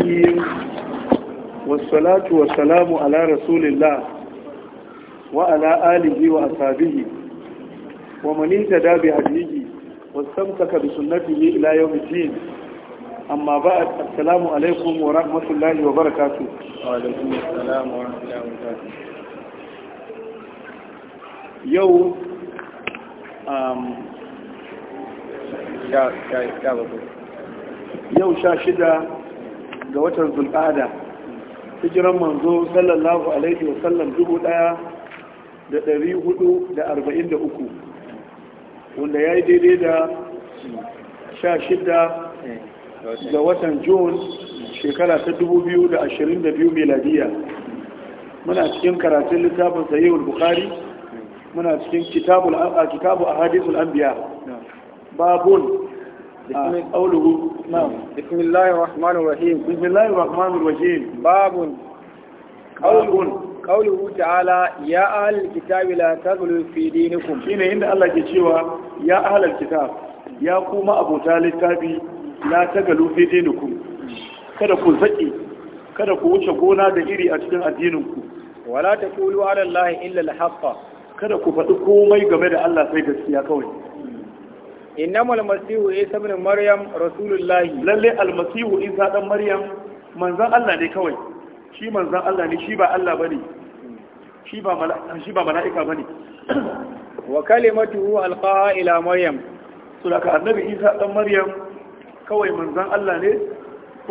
الرحيم والصلاة والسلام على رسول الله وعلى آله وأصحابه ومن اهتدى بهديه واستمسك بسنته إلى يوم الدين أما بعد السلام عليكم ورحمة الله وبركاته وعليكم السلام ورحمة الله وبركاته يوم أم... yau sha shida ga watan zulqada hijiran manzo sallallahu alaihi wa sallam dubu daya da ɗari hudu da arba'in da uku wanda ya yi daidai da sha shida ga watan june shekara ta dubu biyu da ashirin da biyu meladiya muna cikin karatun littafin sahihul bukhari muna cikin kitabu a hadisul anbiya babun a ƙauluhu نعم بسم الله الرحمن الرحيم بسم الله الرحمن الرحيم باب قول قوله تعالى يا اهل الكتاب لا تغلوا في دينكم هنا عند الله يجي cewa يا اهل الكتاب يا kuma abu talibi la tagalu fi kada ku zaki kada ku wuce gona da iri a cikin addininku wala taqulu ala allahi illa kada ku faɗi komai game da Allah sai gaskiya kawai innama almasihu isa ibn maryam rasulullahi lalle almasihu isa dan maryam manzon Allah ne kawai shi manzon Allah ne shi ba Allah bane shi ba mala'ika ba mala'ika bane wa kalimatuhu ila maryam sulaka annabi isa dan maryam kawai manzon Allah ne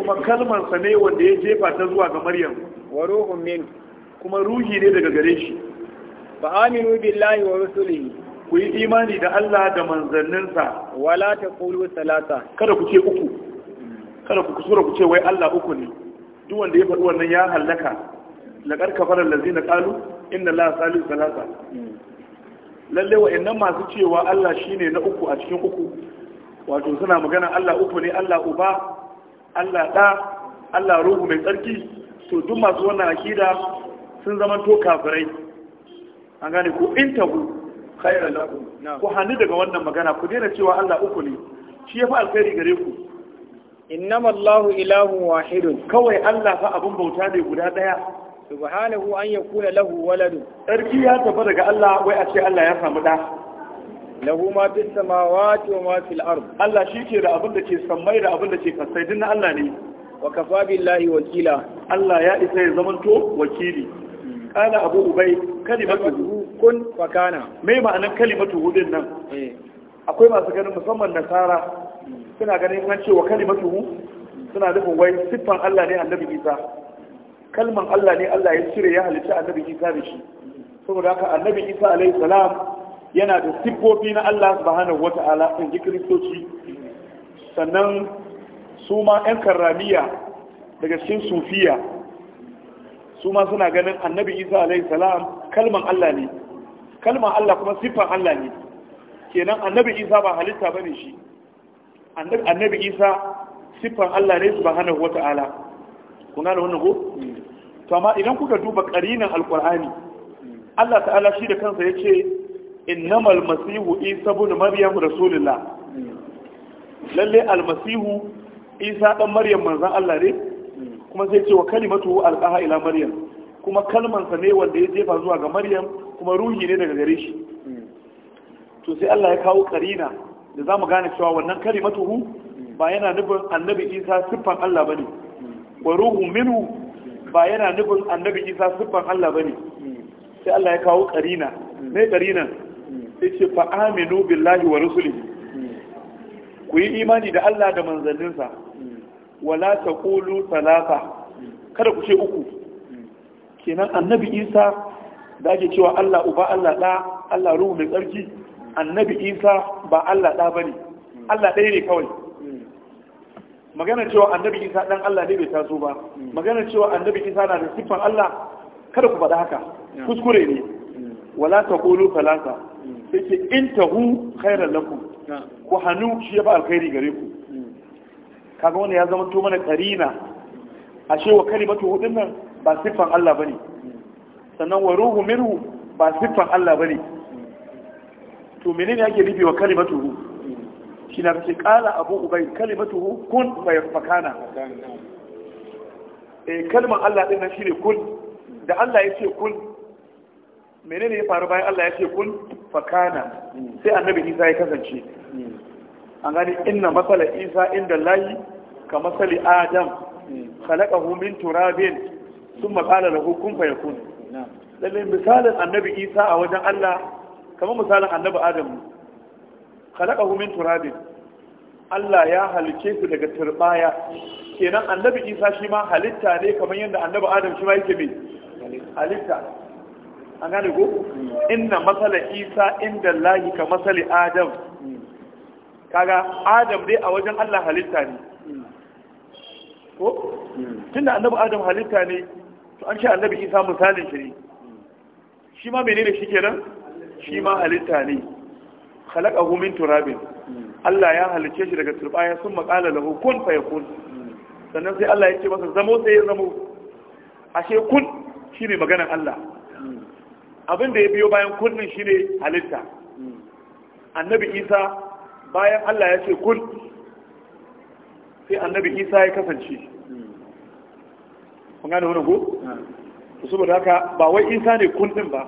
kuma kalmar ne wanda ya jefa ta zuwa ga maryam wa ruhun kuma ruhi ne daga gare shi fa billahi wa rusulihi ku yi imani da Allah da manzanninsa wala ta kulu salata kada ku ce uku kada ku kusura ku ce wai Allah uku ne duk wanda ya faɗi wannan ya hallaka laqad kafara allazina qalu inna la salisu salata lalle wa'annan masu cewa Allah shine na uku a cikin uku wato suna magana Allah uku ne Allah uba Allah da Allah ruhu mai tsarki to duk masu wannan akida sun zama to kafirai an gane ko intabu khairan lakum ku hannu daga wannan magana ku daina cewa Allah uku ne shi ya fa alkhairi gare ku innama Allahu ilahun wahidun kawai Allah fa abun bauta ne guda daya subhanahu an yakuna lahu waladun sarki ya tafi daga Allah wai a ce Allah ya samu da lahu ma fis samawati wa ma fil ard Allah shike da abin da ke sammai da abin da ke kasai din Allah ne wa kafa billahi wakila Allah ya isa ya zamanto wakili hmm. kana Abu Ubay kalimatu kun fakana mai ma'anar kalimatu hudun nan eh. akwai masu ganin musamman nasara suna ganin an cewa kalimatu hu suna nufin wai siffan Allah ne annabi Isa kalman Allah ne Allah ya cire ya halitta annabi Isa da shi saboda haka annabi Isa alaihi salam yana da siffofi na Allah subhanahu wata'ala in ji kiristoci sannan su ma 'yan karramiya daga cikin sufiya su ma suna ganin annabi isa alaihi salam kalman allah ne kalmar Allah kuma siffar Allah ne kenan annabi Isa ba halitta bane shi annabi Isa siffar Allah ne wata ala kun gane wannan ko to amma idan kuka duba karinan alkur'ani Allah ta'ala shi da kansa yace innamal masihu isa ibn maryam rasulullah lalle almasihu isa dan maryam manzon Allah ne kuma sai ce wa kalimatu alqaha ila maryam kuma kalmansa ne wanda ya jefa zuwa ga maryam kuma ruhi ne daga gare shi to sai Allah ya kawo karina da za mu gane cewa wannan kalimatuhu ba yana nufin annabi isa siffan Allah bane wa ruhu minhu ba yana nufin annabi isa siffan Allah bane sai Allah ya kawo karina ne karinan sai ce fa aminu billahi wa rusuli ku yi imani da Allah da manzanninsa wala taqulu thalatha kada ku ce uku kenan annabi isa da ake cewa allah uba allah ɗa allah ruhu mai tsarki annabi isa ba allah ɗa ba ne allah ɗaya ne kawai magana cewa annabi isa ɗan allah ne bai taso ba magana cewa annabi isa na da siffan allah kada ku faɗa haka kuskure ne wala ta kolo falasa sai ce in hu khairan laku ku hannu shi ya ba alkhairi gare ku kaga wani ya zama to mana karina ashe wa kalimatu hudun nan ba siffan Allah ba ne sannan wa ruhu minhu ba siffan Allah ba ne to menene ake nufi wa kalimatuhu shi na fi kala abu ubai kalimatuhu kun bai fakana e eh, kalmar Allah din nan shine kun da Allah ya ce kun menene ya faru bayan Allah ya ce kun fakana sai annabi Isa ya kasance an gani inna masala Isa inda layi ka masali Adam khalaqahu min turabin sun makala da hukun fa yakun lalle misalin annabi isa a wajen allah kamar misalin annabi adamu kalaka min turabin allah ya halice su daga turbaya kenan annabi isa shi ma halitta ne kamar yadda annabi adam shi ma yake mai halitta an gane ko hmm. inna masala isa inda lahi ka masali adam hmm. kaga adam dai a wajen allah halitta ne hmm. ko tunda annabi adam halitta ne to an ce annabi isa misalin shi ne shi ma menene shi kenan shi ma halitta ne khalaqahu min turabin Allah ya halice shi daga turbaya sun makala lahu kun yakun sannan sai Allah ya ce masa zamo sai ya zamo ashe kun shine maganar Allah abin da ya biyo bayan kunnin shine halitta annabi Isa bayan Allah ya ce kun sai annabi Isa ya kasance kun gane wani ko to saboda haka ba wai isa ne kun ba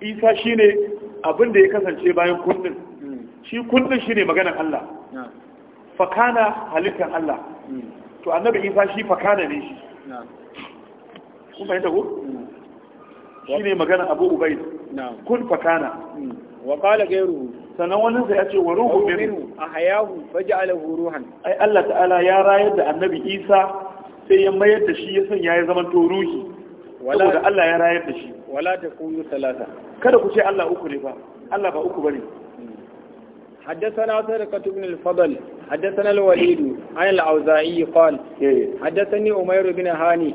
isa shine abin da ya kasance bayan kun shi kun din shine maganar Allah fakana halittar Allah to annabi isa shi fakana ne shi kun fahimta ko Shi shine maganar Abu Ubayd kun fakana wa qala gairu. sannan wani sai ya ce wa ruhu minhu ahyahu faj'alahu ruhan ai Allah ta'ala ya rayar da annabi Isa sai ya mayar da shi ya sanya ya zama to ruhi saboda Allah ya rayar da shi wala ta kunu salata kada ku ce Allah uku ne ba Allah ba uku bane حدثنا سرقة بن الفضل حدثنا الوليد عن الأوزاعي قال حدثني أمير بن هاني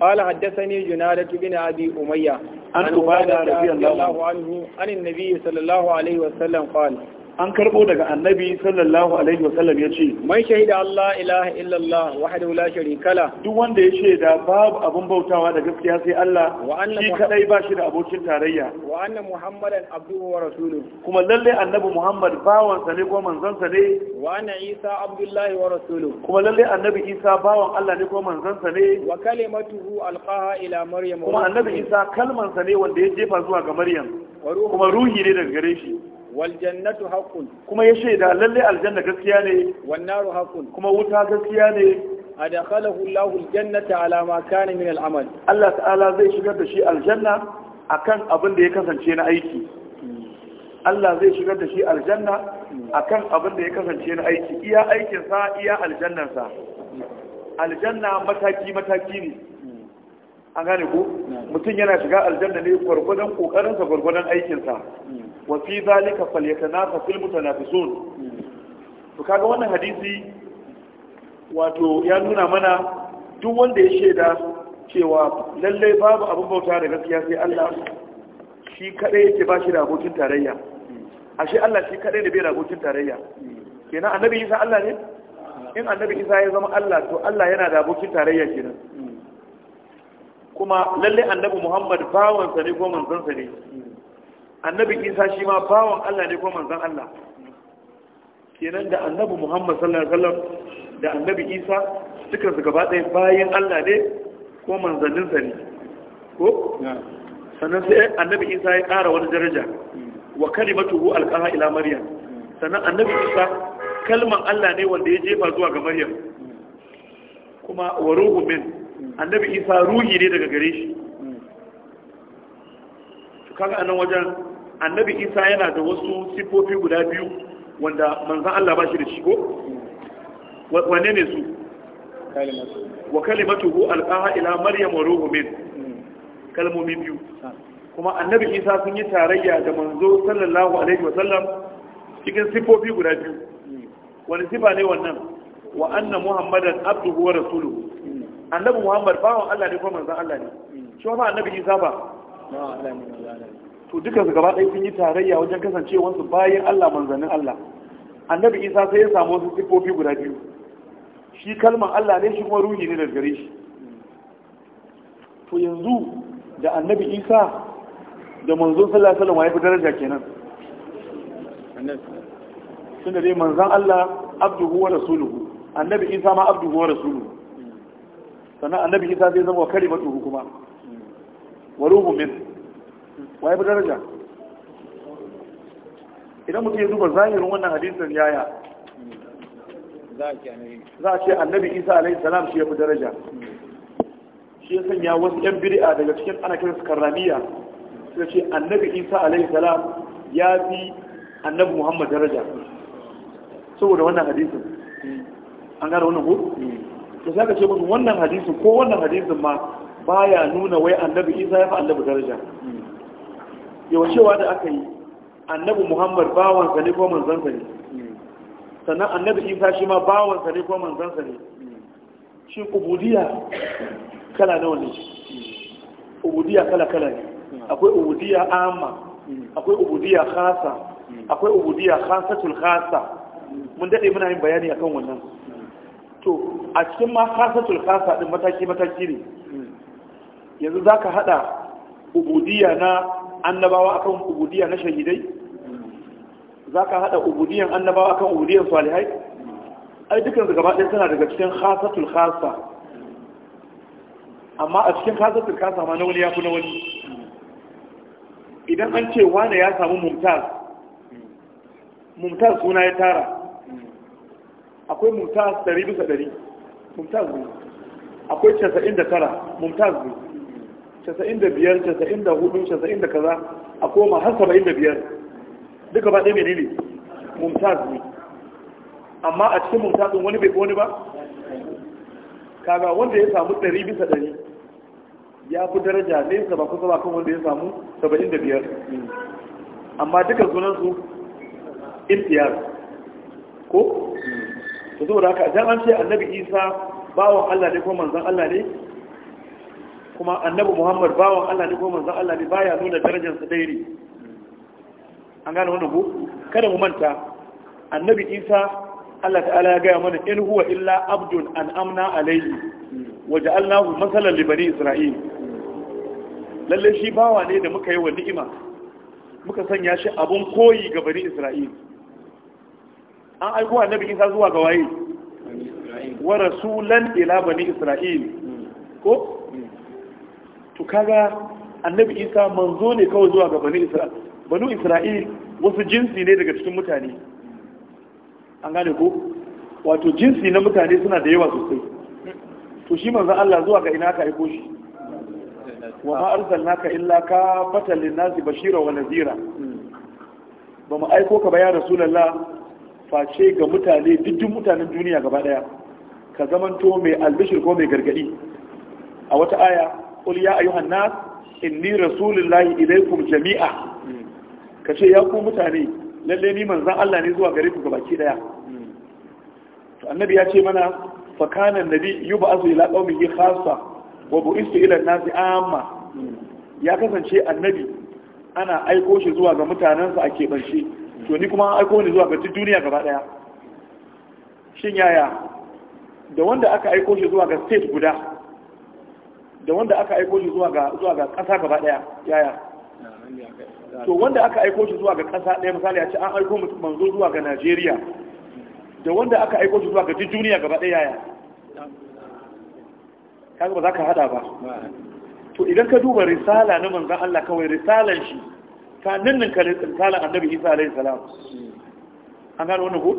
قال حدثني جنادة بن أبي أمية عن عبادة رضي الله عنه عن النبي صلى الله عليه وسلم قال an karbo daga annabi sallallahu alaihi wasallam ya ce mai shaida Allah ilaha illallah wahdahu la sharika la duk wanda ya shaida babu abun bautawa da gaskiya sai Allah shi kadai ba shi da abokin tarayya wa anna muhammadan abduhu wa rasuluhu kuma lalle annabi muhammad bawan sa ne ko manzon sa ne wa anna isa abdullahi wa rasuluhu kuma lalle annabi isa bawan Allah ne ko manzon sa ne wa kalimatuhu alqaha ila maryam kuma annabi isa kalman sa ne wanda ya jefa zuwa ga maryam kuma ruhi ne daga gare shi wal jannatu haqqun kuma ya shaida lalle aljanna gaskiya ne wan naru haqqun kuma wuta gaskiya ne adakhalahu Allahu aljannata ala ma kana min al'amal Allah ta'ala zai shigar da shi aljanna akan abin da ya kasance na aiki Allah zai shigar da shi aljanna akan abin da ya kasance na aiki iya aikin sa iya aljannan sa aljanna mataki mataki ne an gane ko mutum yana shiga aljanna ne gwargwadon kokarin sa gwargwadon aikin sa hmm. wa fi zalika falyatanafasul mutanafisun to kaga wannan hadisi wato ya nuna mana duk wanda ya shaida cewa lallai babu abin bauta da gaskiya sai Allah shi kadai yake ba shi da abokin tarayya ashe Allah shi kadai da bai da abokin tarayya kenan annabi Isa Allah ne in annabi Isa ya zama Allah to Allah yana da abokin tarayya kenan kuma lallai annabi Muhammad bawansa ne ko manzon sa ne annabi isa shi ma bawan allah ne ko manzan allah kenan da annabi muhammad sallallahu alaihi wasallam da annabi isa suka su gaba ɗaya bayan allah ne ko manzanninsa ne ko sannan sai annabi isa ya ƙara wani daraja wa hu alqaha ila maryam sannan annabi isa kalman allah ne wanda ya jefa zuwa ga maryam kuma wa ruhu min annabi isa ruhi ne daga gare shi kaga anan wajen annabi isa yana da wasu sifofi guda biyu wanda manzan Allah ba shi da shigo. wane ne su wa kalimatuhu alqaha ila maryam wa ruhu min kalmomi biyu kuma annabi isa sun yi tarayya da manzo sallallahu alaihi sallam cikin sifofi guda biyu hmm. wani sifa ne wannan wa anna muhammadan abduhu wa rasuluhu hmm. annabi muhammad bawan Allah ne kuma manzan Allah ne hmm. shi ba annabi isa ba to dukkan su gaba ɗaya sun yi tarayya wajen kasancewarsu bayan Allah manzannin Allah annabi Isa sai ya samu wasu siffofi guda biyu shi kalman Allah ne shi kuma ruhi ne daga shi to yanzu da annabi Isa da manzon sallallahu alaihi wasallam ya fi daraja kenan tunda dai manzan Allah abduhu wa rasuluhu annabi Isa ma abduhu wa rasuluhu sannan annabi Isa zai zama kalimatu hukuma wa ruhu min waye bi daraja idan mutum ya duba zahirin wannan hadisin yaya za a ce annabi isa alaihi salam shi ya fi daraja shi ya sanya wasu yan bir'a daga cikin ana kiran su karramiya suka ce annabi isa alaihi salam ya fi annabi muhammad daraja saboda wannan hadisin an gane wannan ko to sai ka ce musu wannan hadisin ko wannan hadisin ma baya nuna wai annabi isa ya fi annabi daraja yawa cewa da aka yi annabi muhammad bawansa ne ko manzansa ne sannan annabi isa shi ma bawansa ne ko manzansa ne shi ubudiya kala nawa ne ubudiya kala kala ne akwai ubudiya amma akwai ubudiya khasa akwai ubudiya khasatul khasa mun dade muna yin bayani akan wannan to a cikin ma khasatul khasa din mataki mataki ne yanzu zaka hada ubudiya na annabawa akan ubudiyya na shahidai za ka haɗa ubudiyyan annabawa akan ubudiyyan salihai ai dukkan su gabaɗaya tana daga cikin khasatul khasa amma a cikin khasatul khasa ma na wani ya fi na wani idan an ce wane ya samu mumtaz mumtaz suna ya tara akwai mumtaz ɗari bisa ɗari mumtaz ne akwai casa'in da tara mumtaz ne casa'in da biyar casa'in da hudu casa'in da kaza a koma har saba'in da biyar duka ba ɗaya menene mumtaz ne amma a cikin mumtazin wani bai wani ba kaga wanda ya samu ɗari bisa ɗari ya fi daraja nesa ba kusa ba kan wanda ya samu saba'in da biyar amma duka sunansu imtiyar ko? to saboda haka idan an ce annabi isa bawan allah ne ko manzan allah ne kuma annabi muhammad bawan allah ne ko manzon allah ne baya nuna darajarsa sa an gane wannan ko kada mu manta annabi isa allah ta'ala ya gaya mana in huwa illa abdun an amna alayhi wa ja'alnahu masalan li bani isra'il lalle shi bawa ne da muka yi wa ni'ima muka sanya shi abun koyi ga bani isra'il an aiko annabi isa zuwa ga waye wa rasulan ila bani isra'il ko to kaga annabi isa manzo ne kawai zuwa ga banu isra'il banu isra'il wasu jinsi ne daga cikin mutane an gane ko wato jinsi na mutane suna da yawa sosai to shi manzo Allah zuwa ga ina ka aiko shi wa ma arsalnaka illa ka fatal nasi bashira wa nazira ba mu aiko ka ba ya rasulullah face ga mutane duk mutanen duniya gaba daya ka zamanto mai albishir ko mai gargadi a wata aya qul ya ayyuhan nas inni rasulullahi ilaykum jami'a kace ya ku mutane lalle ni manzan Allah ne zuwa gare ku gabaki daya to annabi ya ce mana fa kana annabi yub'athu ila yi khassa wa bu'istu ila an-nasi amma ya kasance annabi ana aiko shi zuwa ga mutanensa a ke keɓance to ni kuma aiko ni zuwa ga duniya gaba daya shin yaya da wanda aka aiko shi zuwa ga state guda da wanda aka aiko shi zuwa ga zuwa ga ƙasa gaba ɗaya yaya to wanda aka aiko shi zuwa ga ƙasa ɗaya misali a ce an aiko manzo zuwa ga Najeriya da wanda aka aiko shi zuwa ga duniya gaba ɗaya yaya kaga ba za ka hada ba to idan ka duba risala na manzon Allah kawai risalan shi ta nannin ka risalan Annabi Isa alaihi salam an gano wannan ko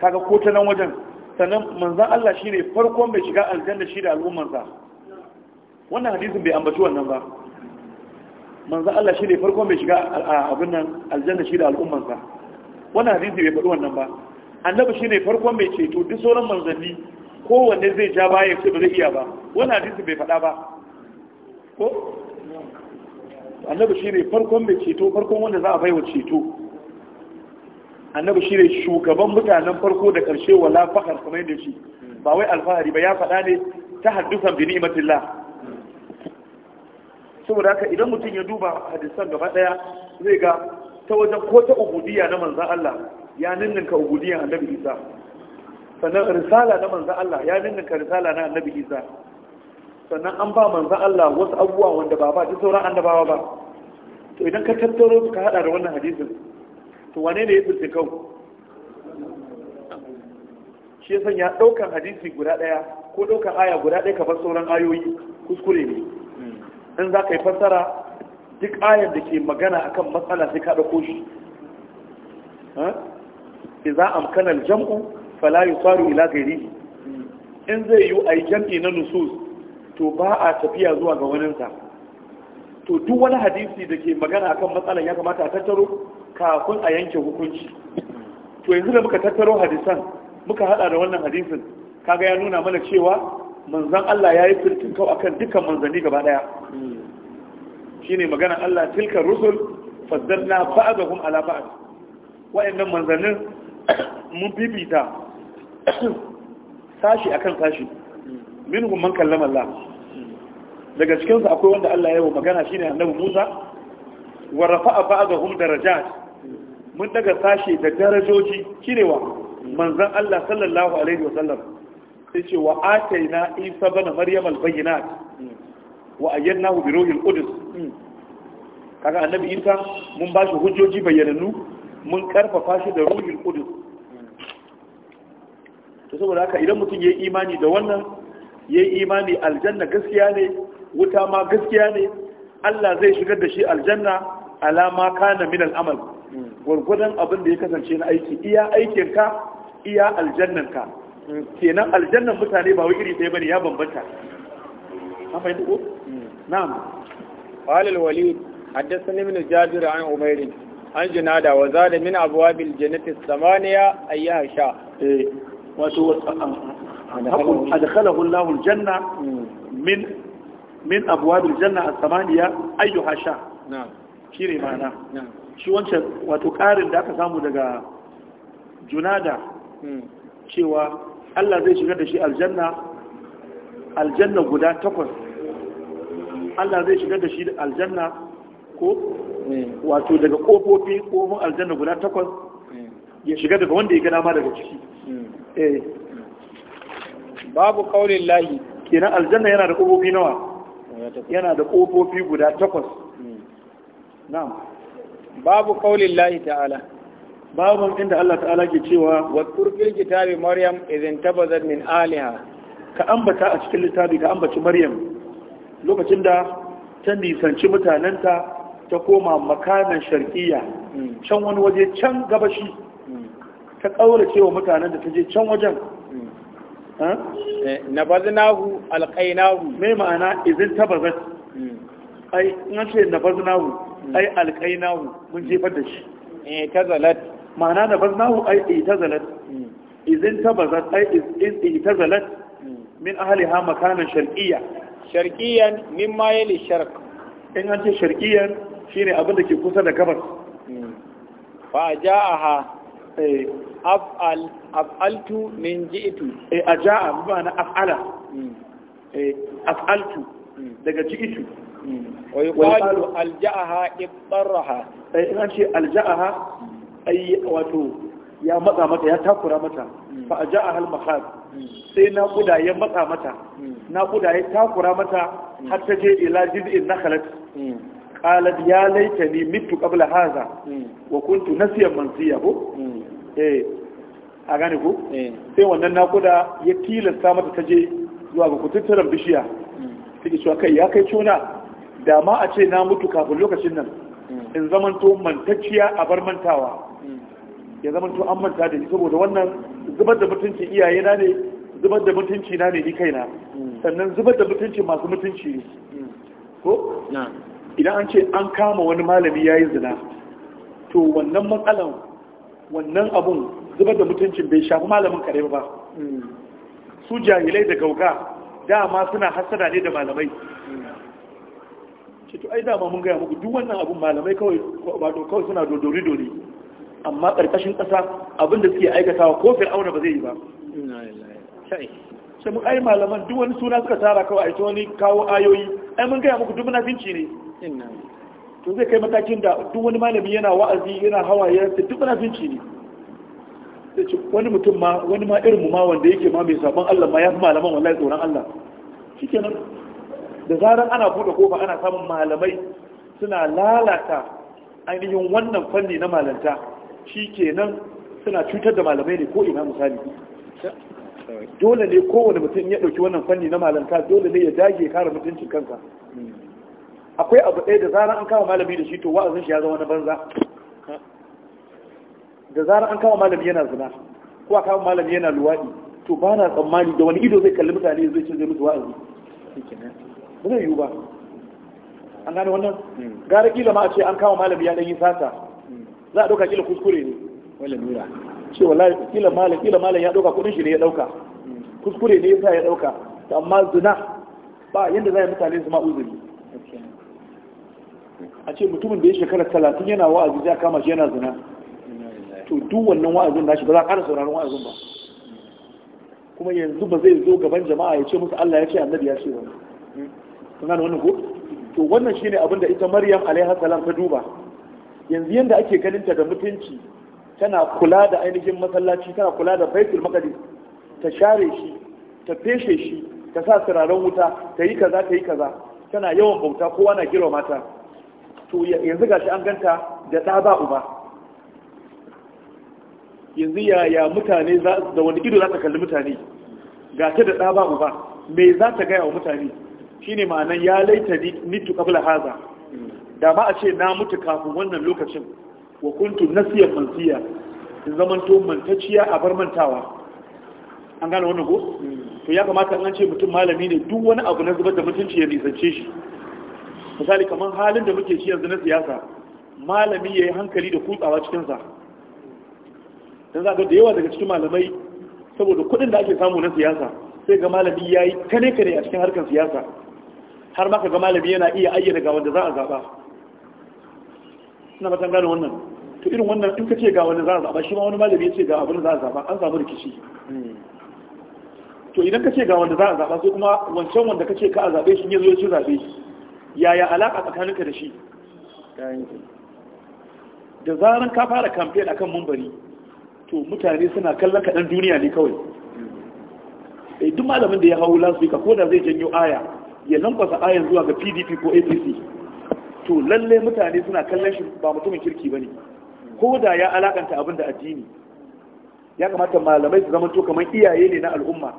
kaga ko ta nan wajen sannan manzan Allah shi ne farkon mai shiga aljanna shi da al'ummarsa wannan hadisin bai ambaci wannan ba manzo Allah shi ne farko mai shiga abin nan aljanna shi da al'ummansa wannan hadisi bai faɗi wannan ba annabi shi ne farko mai ceto duk sauran manzanni kowanne zai ja baya ce ba zai iya ba wannan hadisi bai faɗa ba ko annabi shi ne farkon mai ceto farkon wanda za a baiwa ceto annabi shi ne shugaban mutanen farko da ƙarshe wala fahar kamar yadda shi ba wai alfahari ba ya faɗa ne ta haddusan bi ni'matillah saboda haka idan mutum ya duba hadisan gaba daya zai ga ta wajen ko ta ubudiyya na manzan Allah ya ninninka ubudiyyan annabi Isa sannan risala na manzan Allah ya ninninka risala na annabi Isa sannan an ba manzan Allah wasu abubuwa wanda ba ba ta sauran annabawa ba to idan ka tattaro su ka hada da wannan hadisin to wane ne ya tsinci kau shi ya sanya daukan hadisi guda daya ko daukan aya guda daya ka bar sauran ayoyi kuskure ne in za ka yi fassara duk ayar da ke magana akan matsala sai ka ɗauko shi iza amkana jam'u fala faru ila gari. in zai yi a yi jam'i na nusus to ba a tafiya zuwa ga waninsa to duk wani hadisi da ke magana akan matsalan ya kamata a tattaro kafin a yanke hukunci to yanzu da muka tattaro hadisan muka hada da wannan hadisin kaga ya nuna mana cewa manzan Allah ya yi firkin kau akan dukkan manzanni gaba daya ne magana Allah tilka rusul faddalna ba'dahum ala ba'd wa'annan manzannin mun bibita sashi akan sashi minhum man kallama Allah daga cikinsu akwai wanda Allah ya yi magana shi shine annabi Musa wa rafa'a ba'dahum darajat mun daga sashi da darajoji shine wa manzan Allah sallallahu alaihi wasallam sai ce wa ataina isa bana maryam albayyinat wa ayyadnahu bi ruhil qudus kaga annabi isa mun ba shi hujjoji bayyanannu mun karfafa shi da ruhil qudus to saboda haka idan mutum yayi imani da wannan yayi imani aljanna gaskiya ne wuta ma gaskiya ne Allah zai shigar da shi aljanna alama kana min al'amal hmm. gwargwadon abin da ya kasance na aiki iya aikinka iya aljannanka kenan aljannan mutane ba wai iri ɗaya bane ya bambanta an fahimta ko na'am qala al-walid haddathani ibn jabir an umayr an junada wa zada min abwab al-jannati thamaniya ayyaha sha eh wato adkhalahu Allah al-janna min min abwab al-janna thamaniya ayyuha sha na'am shine ma'ana shi wancan wato karin da aka samu daga junada cewa Allah zai shiga da shi aljanna aljanna guda takwas Allah zai shigar da shi aljanna ko wato daga kofofi kofin aljanna guda takwas ya shiga daga wanda ya gada ma daga ciki hmm. eh. babu kaurin layi kenan aljanna yana da kofofi nawa yana da kofofi guda takwas hmm. na'am babu kaurin layi ta'ala babun inda Allah ta'ala ke cewa wa turfil kitabi maryam idan tabazat min aliha ka ambata a cikin littafi ka ambaci maryam lokacin da ta nisanci mutanenta ta koma makanan sharqiyya can wani waje can gabashi ta kaura cewa mutanen da ta je can wajen eh, na baznahu alqainahu mai ma'ana idan tabazat hmm. ai in ce na baznahu ai alqainahu mun jefar da shi eh tazalat ma'ana da baznahu ai itazalat izin tabazat ai izin itazalat min ha ahliha makanan sharqiyya sharqiyan mimma yali sharq in an ce sharqiyan shine abin da ke kusa da gabas hmm. fa ja'aha eh, af'al af'altu min ji'tu eh aja'a ma'ana af'ala hmm. eh af'altu hmm. daga ji'tu wa yuqalu alja'aha ibtarraha eh in an ce alja'aha ai wato ya matsa mata ya takura mata hmm. fa a ja'a hal mahad sai na kuda ya matsa mata hmm. na kuda ya takura mata hmm. har ta je ila na nakhalat qalat ya laitani mitu qabla hadha wa kuntu nasiyan mansiya ko eh a gane ku, eh. sai wannan nakuda ya tilasta mata ta je zuwa ga kututturan bishiya take cewa kai ya kai cona da ma a ce na mutu kafin lokacin nan in zamanto mantacciya a bar mantawa ya zama to an manta da ni saboda wannan zubar da mutunci iyaye na ne zubar da mutunci na ne ni kaina sannan zubar da mutunci masu mutunci ne ko idan an ce an kama wani malami yayi zina to wannan matsalan wannan abun zubar da mutuncin bai shafi malamin kare ba su jahilai da gauga dama suna hasada ne da malamai ce to ai dama mun gaya muku duk wannan abun malamai kawai ba kawai suna dodori dori amma ƙarƙashin ƙasa abinda suke aikatawa ko fir'auna ba zai yi ba sai mu ai malaman duk wani suna suka tara kawai a wani kawo ayoyi ai mun gaya muku duk munafinci ne to zai kai matakin da duk wani malami yana wa'azi yana hawaye da duk munafinci ne sai wani mutum ma wani ma irin mu ma wanda yake ma mai sabon Allah ma ya fi malaman wallahi tsoron Allah shikenan da zarar ana bude kofa ana samun malamai suna lalata ainihin wannan fanni na malanta shi kenan suna cutar da malamai ne ko ina misali dole ne kowane mutum ya dauki wannan fanni na malanta dole ne ya dage kare mutuncin kansa akwai abu ɗaya da zarar an kama malami da shi to wa'azin shi ya zama na banza da zarar an kama malami yana zina ko a kama malami yana luwaɗi to ba na tsammani da wani ido zai kalli mutane zai ce zai musu wa'azi ba zai yiwu ba an gane wannan hmm. gara kila ma a ce an kama malami ya ɗan yi sata za a ɗauka kila kuskure ne wala nura ce wallahi kila malam kila malam ya ɗauka kuɗin shi ne ya ɗauka hmm. kuskure ne yasa ya ɗauka amma zina ba yadda za a yi mutane su ma uzuri a ce mutumin da ya shekara talatin yana wa'azi za kama shi yana zina to duk wannan wa'azin nashi ba za a ƙara sauraron wa'azin ba kuma yanzu ba zai zo gaban jama'a ya ce musu Allah ya ce annabi ya ce wani hmm. kun gane wannan ko to wannan shine abin da ita Maryam alaiha salam ta duba yanzu yadda ake ganinta da mutunci tana kula da ainihin masallaci tana kula da baitul maqdis ta share shi ta feshe shi ta sa turaren wuta ta yi kaza ta yi kaza tana yawan bauta kowa na girma mata to yanzu gashi an ganta da ɗa ba uba yanzu yaya mutane da wani ido za ta kalli mutane ga ta da ɗa ba uba me za ta gaya wa mutane shine ma'anan ya laita ni tu qabla haza da ba a ce na mutu kafin wannan lokacin wa kuntu nasiya mantiya in zamanto mantaciya a bar mantawa an gane wannan ko to ya kamata an ce mutum malami ne duk wani abu na zubar da mutunci ya nisance shi misali kamar halin da muke shi yanzu na siyasa malami ya yi hankali da kutsawa cikinsa don za ga da yawa daga cikin malamai saboda kuɗin da ake samu na siyasa sai ga malami ya yi kane kane a cikin harkar siyasa har maka ga malami yana iya ayyana ga wanda za a zaɓa Suna matan gane wannan to irin wannan in ka ce ga wani za ba zaba shi ma wani malami ya ce ga abin za a zaba an samu rikici to idan ka ce ga wanda za a zaba sai kuma wancan wanda ka ce ka a zaɓe shi ya zo ya zaɓe zabe yaya tsakanin tsakaninka da shi da zaran ka fara kamfen akan mumbari to mutane suna kallon kaɗan duniya ne kawai eh, duk malamin da ya hau lasfika ko da zai janyo aya ya lankwasa ayan zuwa ga pdp ko apc to lalle mutane suna kallon shi ba mutumin kirki ba ne ko da ya alakanta abin da addini ya kamata malamai su zamanto kamar iyaye ne na al'umma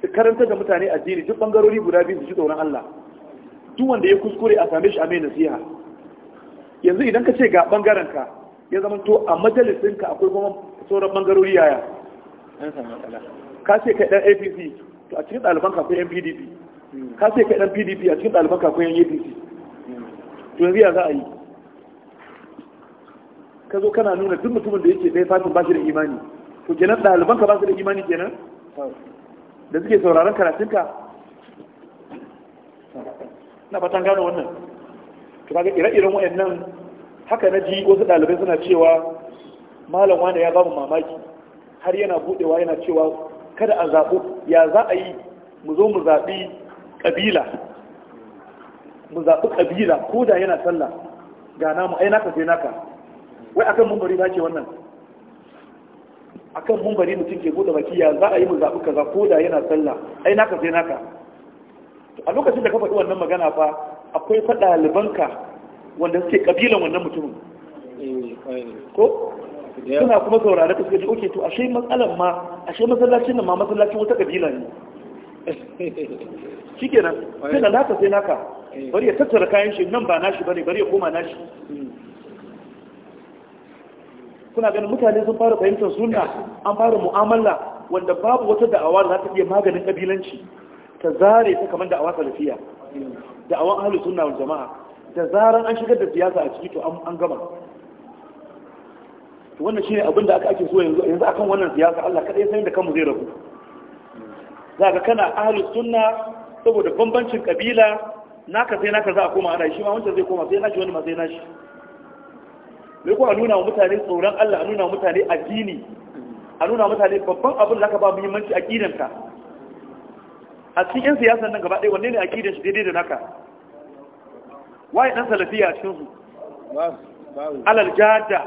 su karanta da mutane addini duk bangarori guda biyu su ji tsoron Allah duk wanda ya kuskure a same shi a mai nasiha yanzu idan ka ce ga bangaren ka ya zamanto a majalisin ka akwai kuma sauran bangarori yaya ka ce kai dan APC to a cikin ɗaliban ka akwai NPDP ka ce kai dan PDP a cikin ɗaliban ka akwai NAPC to yanzu za a yi ka zo kana nuna duk mutumin da yake ɗaya fatin bashi da imani to kenan ɗaliban ka basu da imani kenan da suke sauraron karatunka na batan gano wannan to ga ire-iren wayannan haka na ji wasu ɗalibai suna cewa malam wani ya bamu mamaki har yana budewa yana cewa kada a zaɓo ya za a yi mu zo mu zaɓi ƙabila mu zaɓi ƙabila ko da yana sallah ga namu ai naka sai naka wai akan mumbari ba ke wannan akan mumbari mutum ke buɗe baki ya za a yi mu zaɓi kaza ko da yana sallah ai naka sai naka a lokacin da ka faɗi wannan magana fa akwai faɗa libanka wanda suke ƙabilan wannan mutumin ko suna kuma saurare ka suka ji oke to ashe matsalan ma ashe masallacin nan ma masallacin wata ƙabila ne shikenan sai da naka sai naka Mm. bari ya tattara kayan shi nan ba nashi bane bari ya koma nashi mm. kuna ganin mutane sun fara fahimtar sunna an fara mu'amala wanda babu wata da'awa za ta iya maganin kabilanci ta zare ta kamar da'awa salafiya mm. da'awan ahlus sunna wal jama'a da zaran an shigar da siyasa a ciki to an gama to wannan shine abin da aka ake so yanzu yanzu akan wannan siyasa Allah kadai sai da kanmu zai rabu ka kana ahlus sunna saboda bambancin kabila naka sai naka za a koma ana shi ma wancan zai koma sai nashi wani ma sai nashi me kuma a nuna wa mutane tsoron Allah a nuna wa mutane addini a nuna wa mutane babban abin da aka ba muhimmanci a kidanka a cikin siyasan nan gaba ɗaya wanne ne a kidan shi daidai da naka waye dan salafiya a cikin su alal jada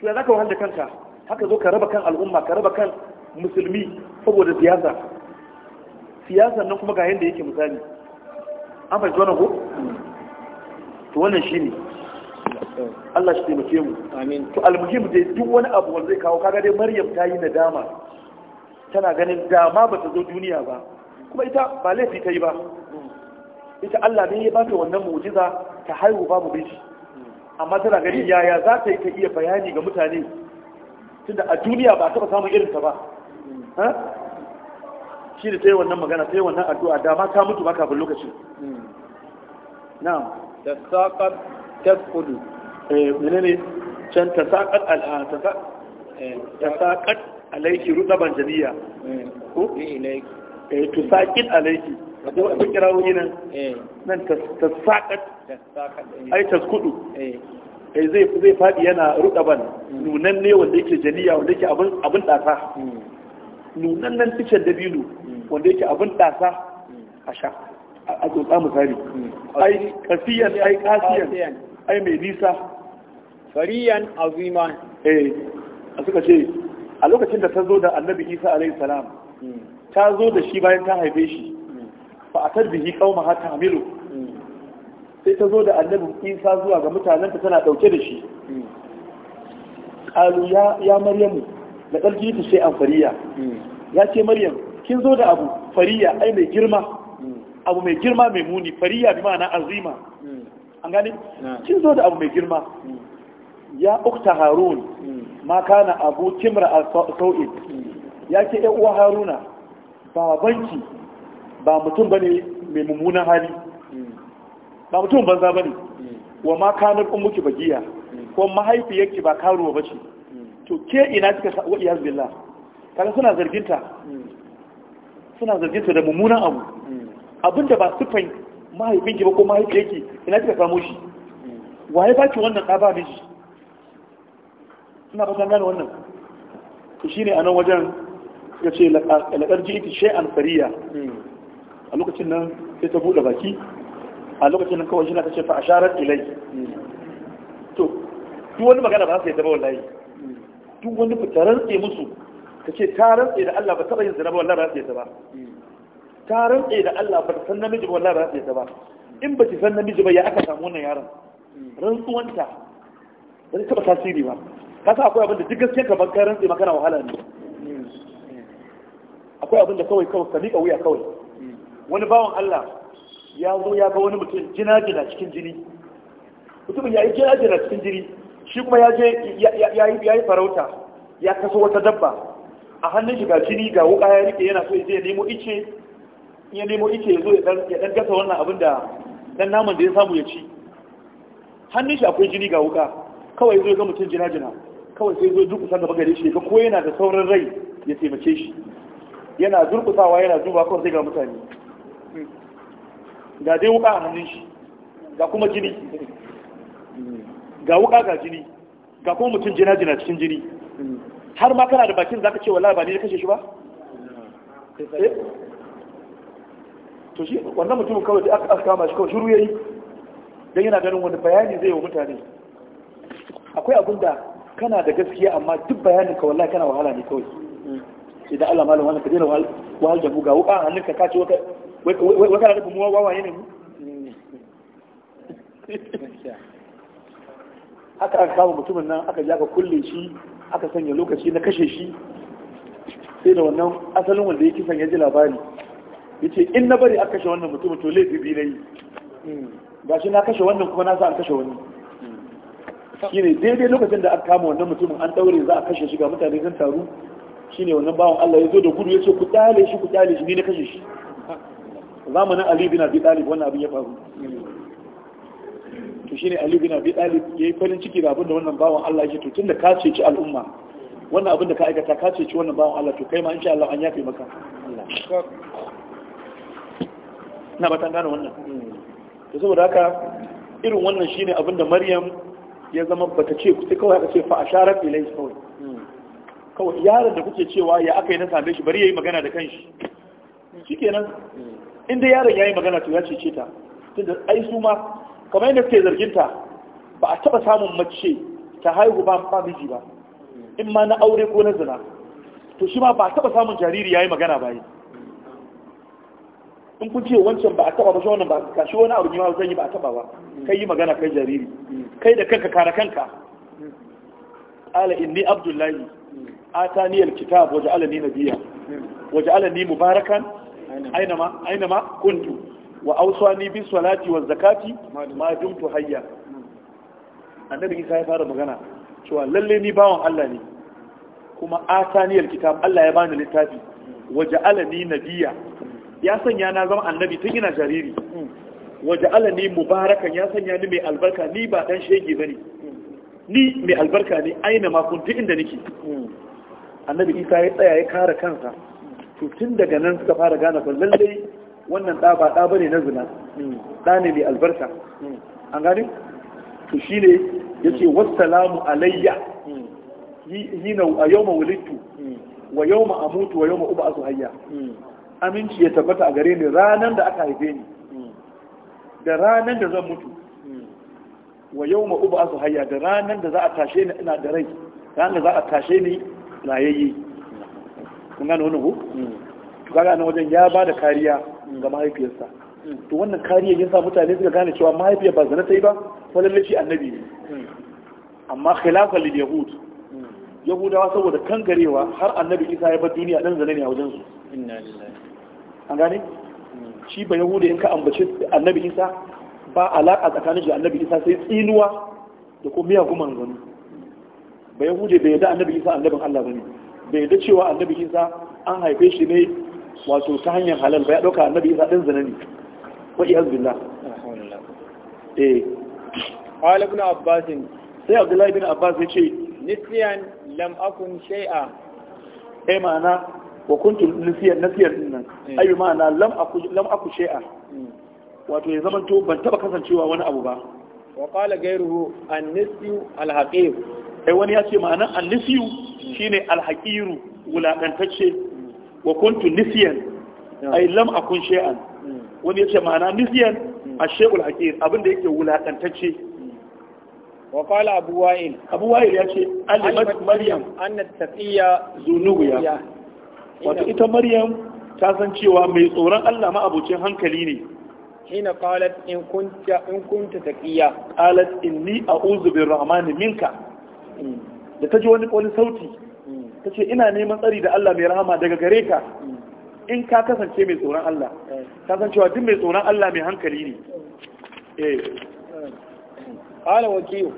to ya zaka wahal da kanka haka zo ka raba kan al'umma ka raba kan musulmi saboda siyasa siyasar nan kuma ga yadda yake misali an fahimci wani to wannan shi ne, Allah shi taimake mu to almuhim dai duk wani abu wanda zai kawo kaga dai Maryam ta yi nadama tana ganin dama ba ta zo duniya ba kuma ita ba laifi ta yi ba ita Allah ne ya bata wannan mu'jiza ta haihu ba babu bishi amma tana ganin yaya za ta yi ta iya bayani ga mutane tunda a duniya ba a taɓa samun irin ta ba shi da ta yi wannan magana ta yi wannan addu'a da ma ta mutu ba kafin lokacin na'am ta kudu. eh ne? can ta saƙar alaiki alayki ban jamiya eh, ko eh tusaqit alayki ko wata kira wuri nan eh. nan saƙar. Eh. ai kudu. eh zai faɗi yana yana ban mm. nunan ne wanda yake jaliya wanda yake abin ɗasa. Mm. nunannen ticen dabino wanda yake abin ɗasa a sha a tsotsa misali hmm. ai kasiyan ai kasiyan ai mai nisa fariyan azima eh a suka ce a lokacin da ta zo da annabi isa alaihi salam hmm. ta zo da shi bayan ta haife shi hmm. fa a tarbihi kauma ha tamilu sai ta zo da annabi isa zuwa ga mutanen ta tana dauke da shi qalu ya ya maryamu da ƙarfi ta sai an fariya ya ce maryam kin zo da abu fariya ai mai girma abu mai girma mai muni fariya bi ma'ana azima an gane kin zo da abu mai girma ya ukta harun ma kana abu kimra al ya ce ya uwa haruna ba banki ba mutum bane mai mummunan hali ba mutum banza bane hmm. wa ma kanar ummuki bagiya ko hmm. mahaifiyarki ba karuwa bace to ke ina kika wa iyaz billah kaga suna zarginta suna zarginta da mummunan abu abinda ba mahaifin mahaifinki ba ko yake ina kika samu shi waye baki wannan ɗa ba miji ina fatan gane wannan to shine a nan wajen ya ce laƙar ji ita shay'an fariya a lokacin nan sai ta buɗe baki a lokacin nan kawai shi na ta ce fa asharar ilai to duk wani magana ba za su yi ta ba wallahi duk wani fita rantse musu ka ce ta rantse da Allah ba taɓa yin zina ba wallahi rantse ta ba ta rantse da Allah ba ta san namiji ba wallahi rantse ta ba in ba ki san namiji ba ya aka samu wannan yaron rantsuwanta ba ta taɓa tasiri ba ka sa akwai abinda duk gaskiya ka ban kai rantse makana wahala ne akwai abinda kawai kawai ka miƙa wuya kawai wani bawan Allah ya zo ya ga wani mutum jina-jina cikin jini mutumin ya yi jina-jina cikin jini shi kuma ya je ya yi farauta ya kaso wata dabba a hannun shi ga jini ga wuka ya rike yana so ya je ya nemo ice ya nemo ice ya zo ya dan gasa wannan abin da dan naman da ya samu ya ci hannun shi akwai jini ga wuka kawai zo ga mutum jina jina kawai sai zo duk kusan da bagare shi ga ko yana da sauran rai ya taimake shi yana durkusawa yana duba kawai sai ga mutane hmm. ga dai wuka a hannun shi ga kuma jini ga wuka ga jini ga kuma mutum jina jina cikin jini har ma kana da bakin zaka ce wallahi ba ni kashe shi ba eh? to shi wannan mutumin kawai da aka kama shi kawai shiru yayi dan yana ganin wani bayani zai wa mutane akwai abin da kana da gaskiya amma duk bayanin ka wallahi kana wahala ne kawai sai da Allah malam wannan ka daina wahal da buga ga wuka hannun ka ce wata wai kana da mu wawaye ne mu mm. Aka aka kama mutumin nan aka ja ka kulle shi aka sanya lokaci na kashe shi sai da wannan asalin wanda ya kisan ya ji labari ya ce in na bari aka kashe wannan mutumin to laifi biyu na yi Ba shi na kashe wannan kuma na sa an kashe wani shi ne daidai lokacin da aka kama wannan mutumin an daure za a kashe shi ga mutane sun taru shi ne wannan bawan Allah ya zo da gudu ya ce ku tsale shi ku tsale shi ni na kashe shi zamanin Ali bin Abi Talib wannan abin ya faru to shine Ali bin Abi Talib yayi farin ciki da abinda wannan bawan Allah yake to tunda ka ceci al'umma wannan abinda ka aikata ka ceci wannan bawan Allah to kai ma insha Allah an yafe maka na batan gane wannan to saboda haka irin wannan shine abinda Maryam ya zama bata ce ku kawai aka ce fa asharat ilayhi kawai kawai yaron da kuke cewa ya aka yi na same shi bari yayi magana da kanshi shikenan in dai yaron yayi magana to ya cece ta tunda ai su ma kamar yadda suke zarginta ba a taba samun mace ta haihu ba ba miji ba in ma na aure ko na zina to shi ma ba a taba samun jariri ya yi magana ba yi in kun ce wancan ba a taba ba shi wannan ba ka shi wani abu ne ma zan yi ba a taba ba kai yi magana kai jariri kai da kanka kare kanka ala inni abdullahi atani alkitab ni ja'alani nabiyya wa ja'alani mubarakan aina ma kuntu wa auswani bi salati wa zakati ma dumtu hayya annabi Isa ya fara magana cewa lalle ni bawan Allah ne kuma asani kitab Allah ya bani littafi waje ja'alani nabiyya ya sanya na zama annabi tun ina jariri waje ja'alani mubarakan ya sanya ni mai albarka ni ba dan shege bane ni mai albarka ne aina ma kun inda nake annabi isa ya tsaya ya kare kansa to tun daga nan suka fara gane ba lallai wannan ɗa ba ɗa bane na zina ɗa ne mai albarka an gane to ya ce wasu alayya hina a yau mawulittu wa yau ma'amutu wa yau ma'uba a zuhayya aminci ya tabbata a gare ni ranan da aka haife ni da ranan da zan mutu wa yau ma'uba a zuhayya da ranan da za a tashe ni ina da rai ranan da za a tashe ni layayye kun gane wani ko ga kaga wajen ya bada kariya ga mahaifiyarsa to wannan kariya ya sa mutane suka gane cewa mahaifiyar ba zana ta yi ba wani annabi ne amma khilafan lil yahud yahudawa saboda kangarewa har annabi isa ya bar duniya dan zane ne a wajen su an gane shi ba yahuda in ka ambace annabi isa ba alaka tsakanin shi annabi isa sai tsinuwa da kuma miyagun manzanni ba yahude bai yadda annabi isa annabin allah ba ne bai yadda cewa annabi isa an haife shi ne wato ta hanyar halal ba ya ɗauka annabi isa ɗin zina ne wa iya zina eh qala ibn abbas sai abdullahi bin abbas ya ce nisyan lam akun shay'a eh ma'ana wa kuntu nisyan nisyan din nan eh. ayu ma'ana lam aku lam aku shay'a hmm. wato ya zamanto ban taba kasancewa wani abu ba wa qala ghayruhu an-nisyu al-haqir eh wani ya ce ma'ana an-nisyu hmm. shine al-haqiru wulakantacce wa kuntu nisiyan ai lam akun shay'an mm. wani yace ma'ana nisiyan mm. ash-shay'ul hakir abin da yake wulakantacce mm. wa qala abu wa'il abu wa'il yace alimat maryam anna taqiya zunubiya wato ita maryam ta san cewa mai tsoron Allah ma abocin hankali ne hina qalat in kunta in kunta taqiya qalat inni a'udhu birrahmani minka da ta ji wani wani sauti ta ce ina neman tsari da Allah mai rahama daga gare ka in ka kasance mai tsoron Allah Kasancewa san duk mai tsoron Allah mai hankali ne eh ala wakiyu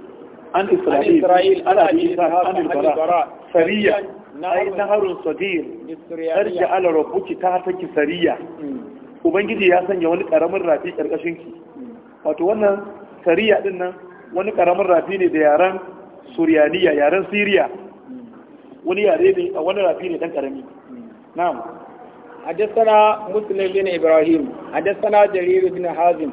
an isra'il ala isa an bara sariya ai naharun sadir arja ala rabbuki ta ki sariya hmm. ubangiji ya sanya wani karamin rafi karkashin ki wato wannan sariya din nan wani karamin rafi ne da yaran suriyaniya yaran siriya wani yare ne a wani rafi ne dan karami na'am حدثنا مسلم بن إبراهيم حدثنا جرير بن حازم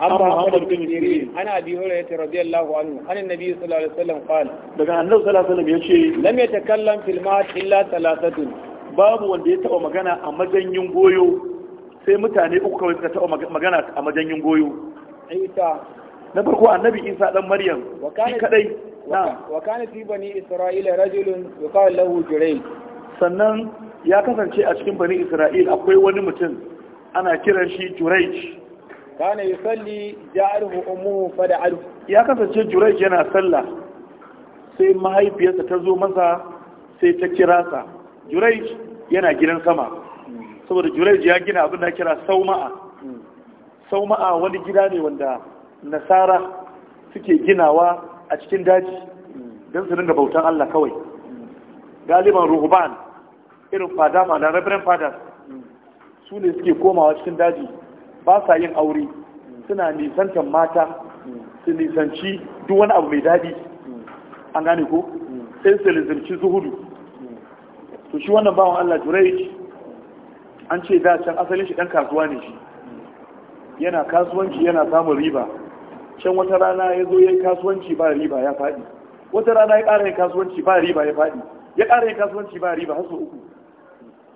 عن محمد بن سيرين عن ابي هريره رضي الله عنه عن النبي صلى الله عليه وسلم قال daga annabi sallallahu alaihi wasallam yace lam yatakallam fil ma'at illa thalathatun babu wanda ya taba magana a majanyin goyo sai mutane uku kawai suka taba magana a majanyin goyo Isa na farko annabi Isa dan Maryam wa kadai wa kana fi bani isra'ila rajulun yuqal lahu jurayj sannan ya kasance a cikin bani isra'il akwai wani mutum ana kiran shi jurayj kana yusalli ja'aluhu ummuhu fada'alu ya kasance jurayj yana sallah sai mahaifiyarsa ta zo masa sai ta kira sa yana gidan sama saboda jurayj ya gina abin da kira sauma'a hmm. sauma'a wani gida ne wanda nasara suke ginawa a cikin daji don su dinga bautan Allah kawai galiban ruhuban irin fada fada rabirin fada su ne suke komawa cikin daji ba sa yin aure suna nisantar mata su nisanci duk wani abu mai daɗi an gane ko sai su nisanci zuhudu to shi wannan bawan Allah Jurayj an ce da can asalin shi ɗan kasuwa ne shi yana kasuwanci yana samun riba can wata rana ya zo ya yi kasuwanci ba riba ya faɗi wata rana ya ƙara yin kasuwanci ba riba ya faɗi ya ƙara yin kasuwanci ba riba hasu uku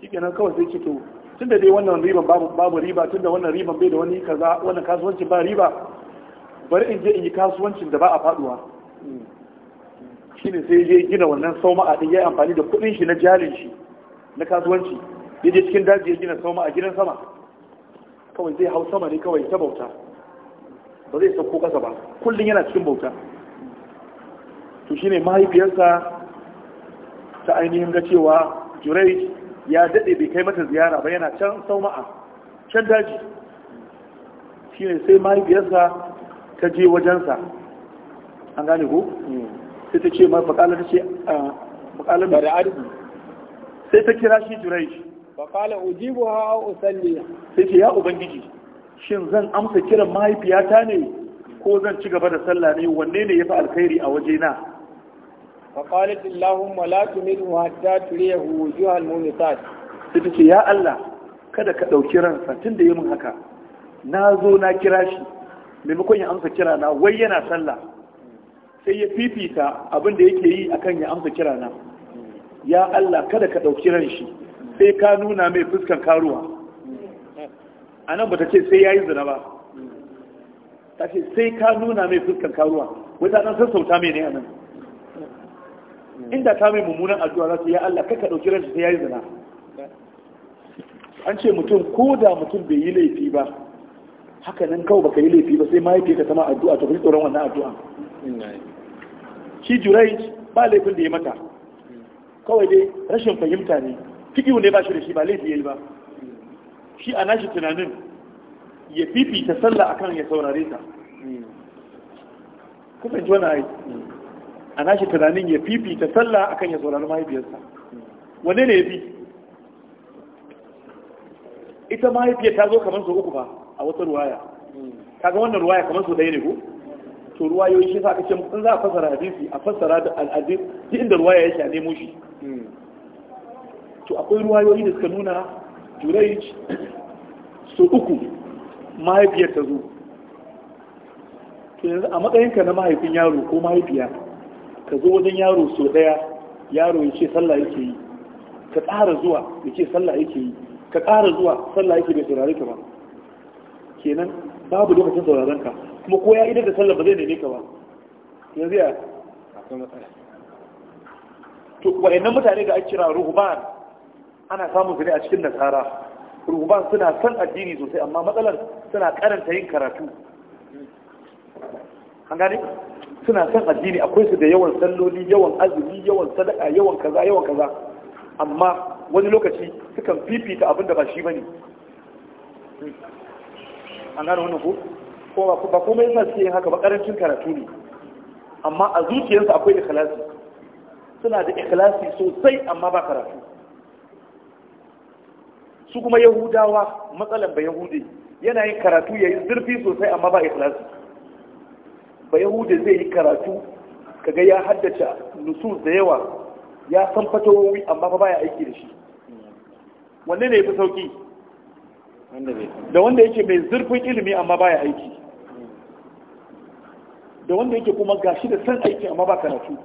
shi kenan kawai sai ce to tun da dai wannan riban babu riba tun da wannan riban bai da wani kaza wannan kasuwancin ba riba bari in je in yi kasuwancin da ba a faɗuwa ne sai ya gina wannan sauma a ɗin ya amfani da kuɗin shi na jarin shi na kasuwanci ya je cikin daji ya gina sauma a gidan sama kawai zai hau sama ne kawai ta bauta ba zai sauko ƙasa ba kullum yana cikin bauta to shine mahaifiyarsa ta ainihin ga cewa jurai ya daɗe bai kai mata ziyara ba yana can sauma'a can daji shine sai mahaifiyarsa ta je wajensa an gane ko sai ta ce ma faƙalar ta ce faƙalar da arziki sai ta kira shi jurai faƙalar ujibu ha'a usalliya sai ce ya ubangiji shin zan amsa kiran mahaifiyata ne ko zan ci gaba da sallah ne wanne ne ya fi alkhairi a waje na? اللهم la tumidu hatta تريه wujuh المؤمنات sai ce ya Allah kada ka ɗauki ransa tunda yi haka na zo na kira shi maimakon ya amsa kira na wai yana sallah sai ya fifita abin da yake yi akan ya amsa kira na ya Allah kada ka ɗauki ran shi sai ka nuna mai fuskan karuwa a nan ba ta ce sai ya yi zina ba ta ce sai ka nuna mai fuskan karuwa wata nan sassauta mai ne a nan inda ta mai mummunan addu'a za su ya Allah kaka ɗauki ranci sai ya yi zina an ce mutum ko da mutum bai yi laifi ba haka nan kawai baka yi laifi ba sai mahaifi ka sama addu'a to fi tsoron wannan addu'a shi jurai ba laifin da ya mata kawai dai rashin fahimta ne Kiki ne ba shi da shi ba laifi ya yi ba shi a nashi tunanin ya fifita sallah akan ya saurare ta kusanci wani ai a nashi tunanin ya fifita sallah akan ya saurari mahaifiyarsa wane ne ya fi ita mahaifiyar ta zo kamar sau uku ba a wata ruwaya Ta ga wannan ruwaya kamar sau ɗaya ne ko to ruwayoyi shi sa aka ce za a fassara hadisi a fassara da al'adis duk inda ruwaya yake a nemo shi to akwai ruwayoyi da suka nuna juraic su uku mahaifiyar ta zo yanzu a matsayinka na mahaifin yaro ko mahaifiya ka zo wajen yaro sau daya yaro ya ce sallah yake yi ka tsara zuwa ya ce sallah yake yi ka tsara zuwa sallah yake bai saurare ka ba kenan babu lokacin sauraron ka kuma ko ya idar da sallah ba zai neme ka ba yanzu ya to wa'annan mutane da ake kira ruhban ana samun su ne a cikin nasara ruhuban suna son addini sosai amma matsalar suna karanta yin karatu an gane suna son addini akwai su da yawan salloli yawan azumi yawan sadaka yawan kaza yawan kaza amma wani lokaci sukan fifita abin da ba shi bane an gane wannan ko ko ba komai yasa suke yin haka ba karancin karatu ne amma a zuciyarsu akwai ikhlasi suna da ikhlasi sosai amma ba karatu su kuma yahudawa matsalan ba Yahude, yana yin karatu ya yi zurfi sosai amma ba ikhlasi ba Yahude zai yi karatu kaga ya haddace nusu da yawa ya san fatawowi amma ba ya aiki da shi wanne ne yafi sauki da wanda yake mai zurfin ilimi amma ba ya aiki da wanda yake kuma gashi da san aiki amma ba karatu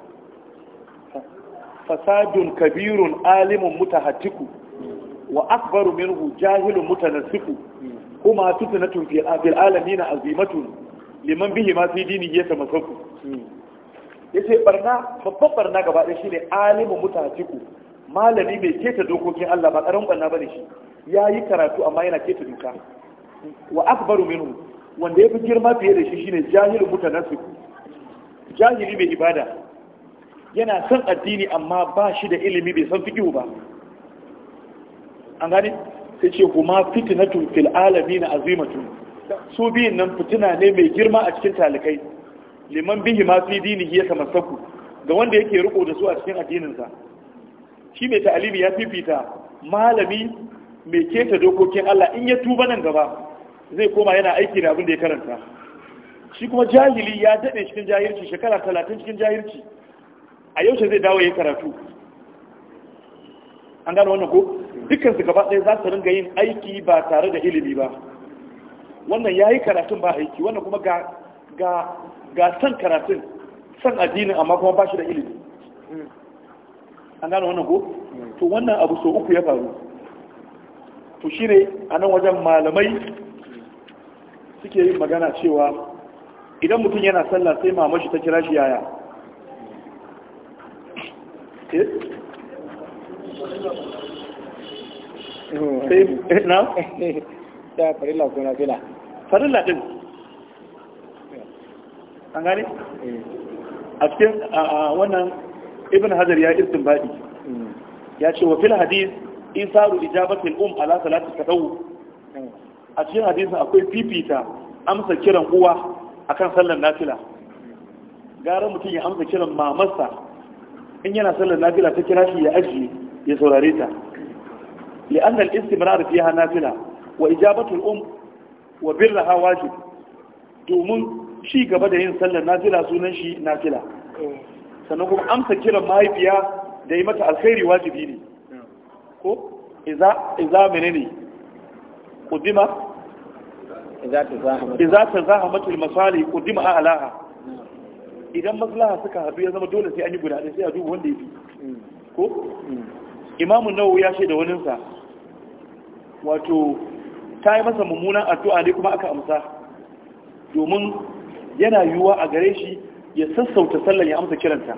fasadun kabirun alimun mutahatiku wa akbaru minhu jahilu mutanassifu kuma fi al alamin azimatun liman bihi ma fi dini ya tamassaku yace barna babban barna gaba ɗaya shine alimu mutasiku malami bai keta dokokin Allah ba karan barna bane shi yayi karatu amma yana keta doka wa akbaru minhu wanda yafi girma fiye da shi shine jahilu mutanassifu jahili bai ibada yana san addini amma ba shi da ilimi bai san fikihu ba an gani sai ce kuma fitnatun fil alamin azimatu su biyun nan fitina ne mai girma a cikin talikai liman bihi ma fi dini ya saku, ga wanda yake riko da su a cikin addininsa shi mai ta'alimi ya fifita malami mai keta dokokin Allah in ya tuba nan gaba zai koma yana aiki da abin da ya karanta shi kuma jahili ya daɗe cikin jahilci shekara talatin cikin jahilci a yaushe zai dawo ya karatu an gano wannan ko dukkan su gaba ɗaya za su ringa yin aiki ba tare da ilimi ba wannan ya yi karatun ba aiki wannan kuma ga san karatun san addini amma kuma ba shi da ilimi an gano wannan ko to wannan abu so uku ya faru to shi ne a nan wajen malamai suke yin magana cewa idan mutum yana sallah sai mamashi ta kira shi yaya eh? sai na ta farilla ko nafila farilla din an gane eh. a cikin wannan ibn hajar ya irtin baɗi hmm. ya ce wa fil hadis isaru ijabatil um ala ta tadawu hmm. a cikin hadisin akwai fifita amsa kiran uwa akan sallar nafila gara mutum ya amsa kiran mamarsa in yana sallar nafila ta kira shi ya ajiye ya saurare ta li'anna al-istimrar fiha nafila wa ijabatu al-um wa birraha wajib domin shi gaba da yin sallar nafila sunan shi nafila sannan kuma amsa kiran mahaifiya da yi mata alkhairi wajibi ne ko iza iza menene qudima iza ta zahamatu al-masalih qudima alaha idan maslaha suka haɗu ya zama dole sai an yi guda ɗaya, sai a duba wanda ya fi mm. ko mm. imamu nawawi ya ce da waninsa wato ta yi masa mummunan addu'a ne kuma aka amsa domin yana yiwuwa a gare shi ya sassauta sallar ya amsa kiranta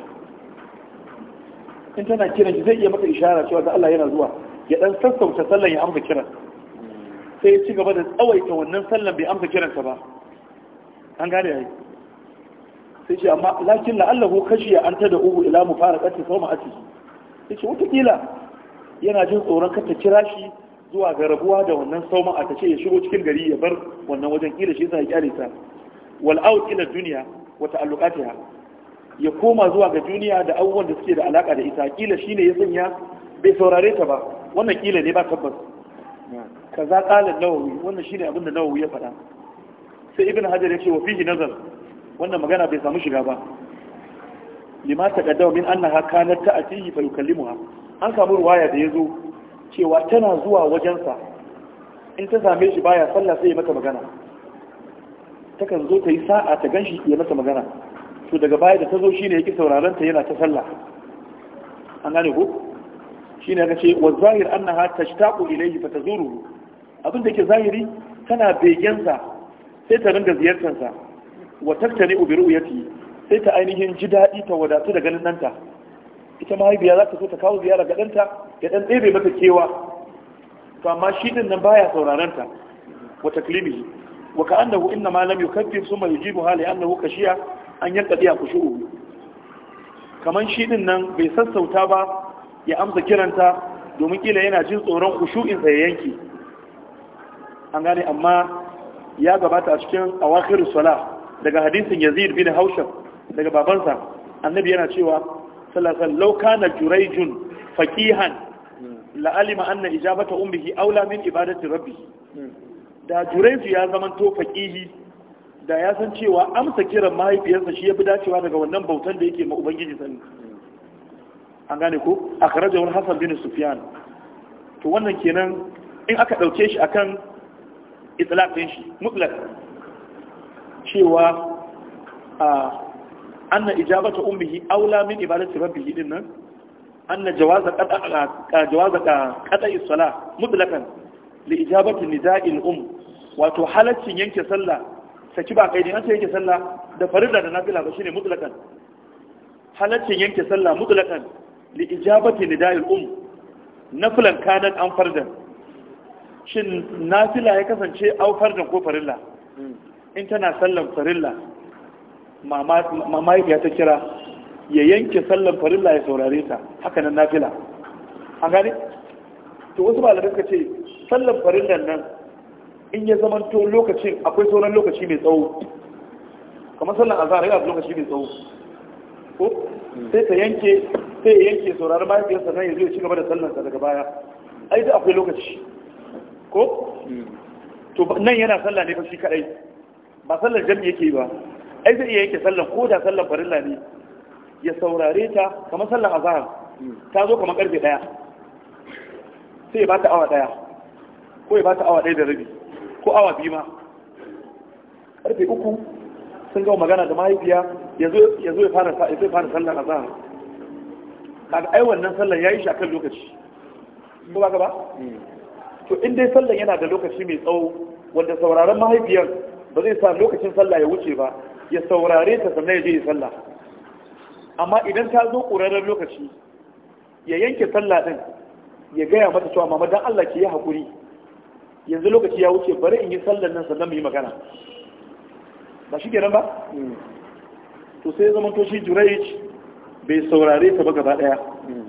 in tana kiran shi zai iya maka ishara cewa da Allah yana zuwa ya dan sassauta sallar ya amsa kiran sai ya ci gaba da tsawaita wannan sallar bai amsa kiranta ba an gane ya yi. sai ce amma lakin la'allahu ya an uhu ila mufaraqati sawma'ati ce wata kila yana jin tsoron kar ta kira shi zuwa ga rabuwa da wannan sauma a tace ya shigo cikin gari ya bar wannan wajen kila shi yasa ya kyale ta wal out ila dunya wa ta'alluqatiha ya koma zuwa ga duniya da abubuwan da suke da alaka da ita kila shine ya sanya bai saurare ta ba wannan kila ne ba tabbas kaza qala nawawi wannan shine abin da nawawi ya faɗa sai ibn hajar ya ce wa fihi nazar wannan magana bai samu shiga ba lima taqaddama min annaha kanat ta'tihi fa yukallimuha an samu ruwaya da ya zo cewa tana zuwa wajensa in ta same shi baya sallah sai ya mata magana takan zo ta yi sa'a ta gan shi ya mata magana to daga baya da ta zo shi ne yake sauraron ta yana ta sallah an gane Shi shine aka ce wa zahir annaha tashtaqu ilayhi fa ruru. abin da ke zahiri tana begensa sai ta ringa ziyartarsa wa tattani ubi fi, sai ta ainihin ji daɗi ta wadatu da ganin nanta ita mahaifiya za ta so ta kawo ziyara ga ɗanta ya ɗan ɗebe mata kewa to amma shi ɗin nan baya sauraron ta wa taklimi wa ka annahu inna ma lam yukaffir summa yujibu hali annahu kashiya an yanqadi khushu'u kaman shi ɗin nan bai sassauta ba ya amsa kiranta domin kila yana jin tsoron khushu'in sa ya yanke an gane amma ya gabata a cikin awakhiru sala daga hadisin Yazid bin Haushab daga babansa annabi yana cewa sallallahu alaihi wasallam law kana jurayjun faqihan la alima anna ijabata ummihi aula min ibadati rabbi da juraisu ya zaman to fakihi. da ya san cewa amsa kiran mahaifiyarsa shi ya fi dacewa daga wannan bautan da yake ma ubangiji sani an gane ko akhrajahu wani hasan bin sufyan to wannan kenan in aka ɗauke shi akan itlaq shi mutlaq cewa a anna ijabata ummihi aula min ibadati rabbihi din nan anna jawaza qada ka jawaza ka qada as-salah mutlaqan li ijabati nida'il um wato halaccin yanke sallah saki ba kai ne an yanke sallah da farilla da nafila ba shine mutlaqan halaccin yanke sallah mutlaqan li ijabati nida'il um nafilan kanan an fardan shin nafila ya kasance au fardan ko farilla hmm. in tana sallan farilla mamaki ta kira ya yanke sallan farilla ya saurare ta haka nan nafila an gane to wasu malamai suka ce sallan farillan nan in ya to lokacin akwai sauran lokaci mai tsawo kamar sallan azhar yana da lokaci mai tsawo ko sai ta yanke sai ya yanke sauraron mahaifiyarsa nan ya zo ya ci gaba da sa daga baya ai da akwai lokaci ko hmm. to nan yana sallah ne fa shi kadai ba sallar jami'i yake ba ai zai iya yake sallan ko da sallan farilla ne ya saurare ta kamar sallan azhar ta zo kamar karfe daya sai ya bata awa daya ko ya bata awa daya da rabi ko awa biyu ma karfe uku sun gawa magana da mahaifiya ya zo ya fara sallan azhar kaga ai wannan sallan ya yi shi akan lokaci ko ba ba to in dai sallan yana da lokaci mai tsawo wanda sauraron mahaifiyar ba zai sa lokacin sallah ya wuce ba ya saurare ta sannan ya je ya sallah amma idan ta zo ƙurarren lokaci ya yanke sallah ɗin ya gaya mata cewa mama dan Allah ke yi haƙuri yanzu lokaci ya wuce bari in yi sallar nan sannan mu yi magana ba shi kenan ba hmm. to sai zama to shi juraic bai saurare ta ba gaba ɗaya hmm.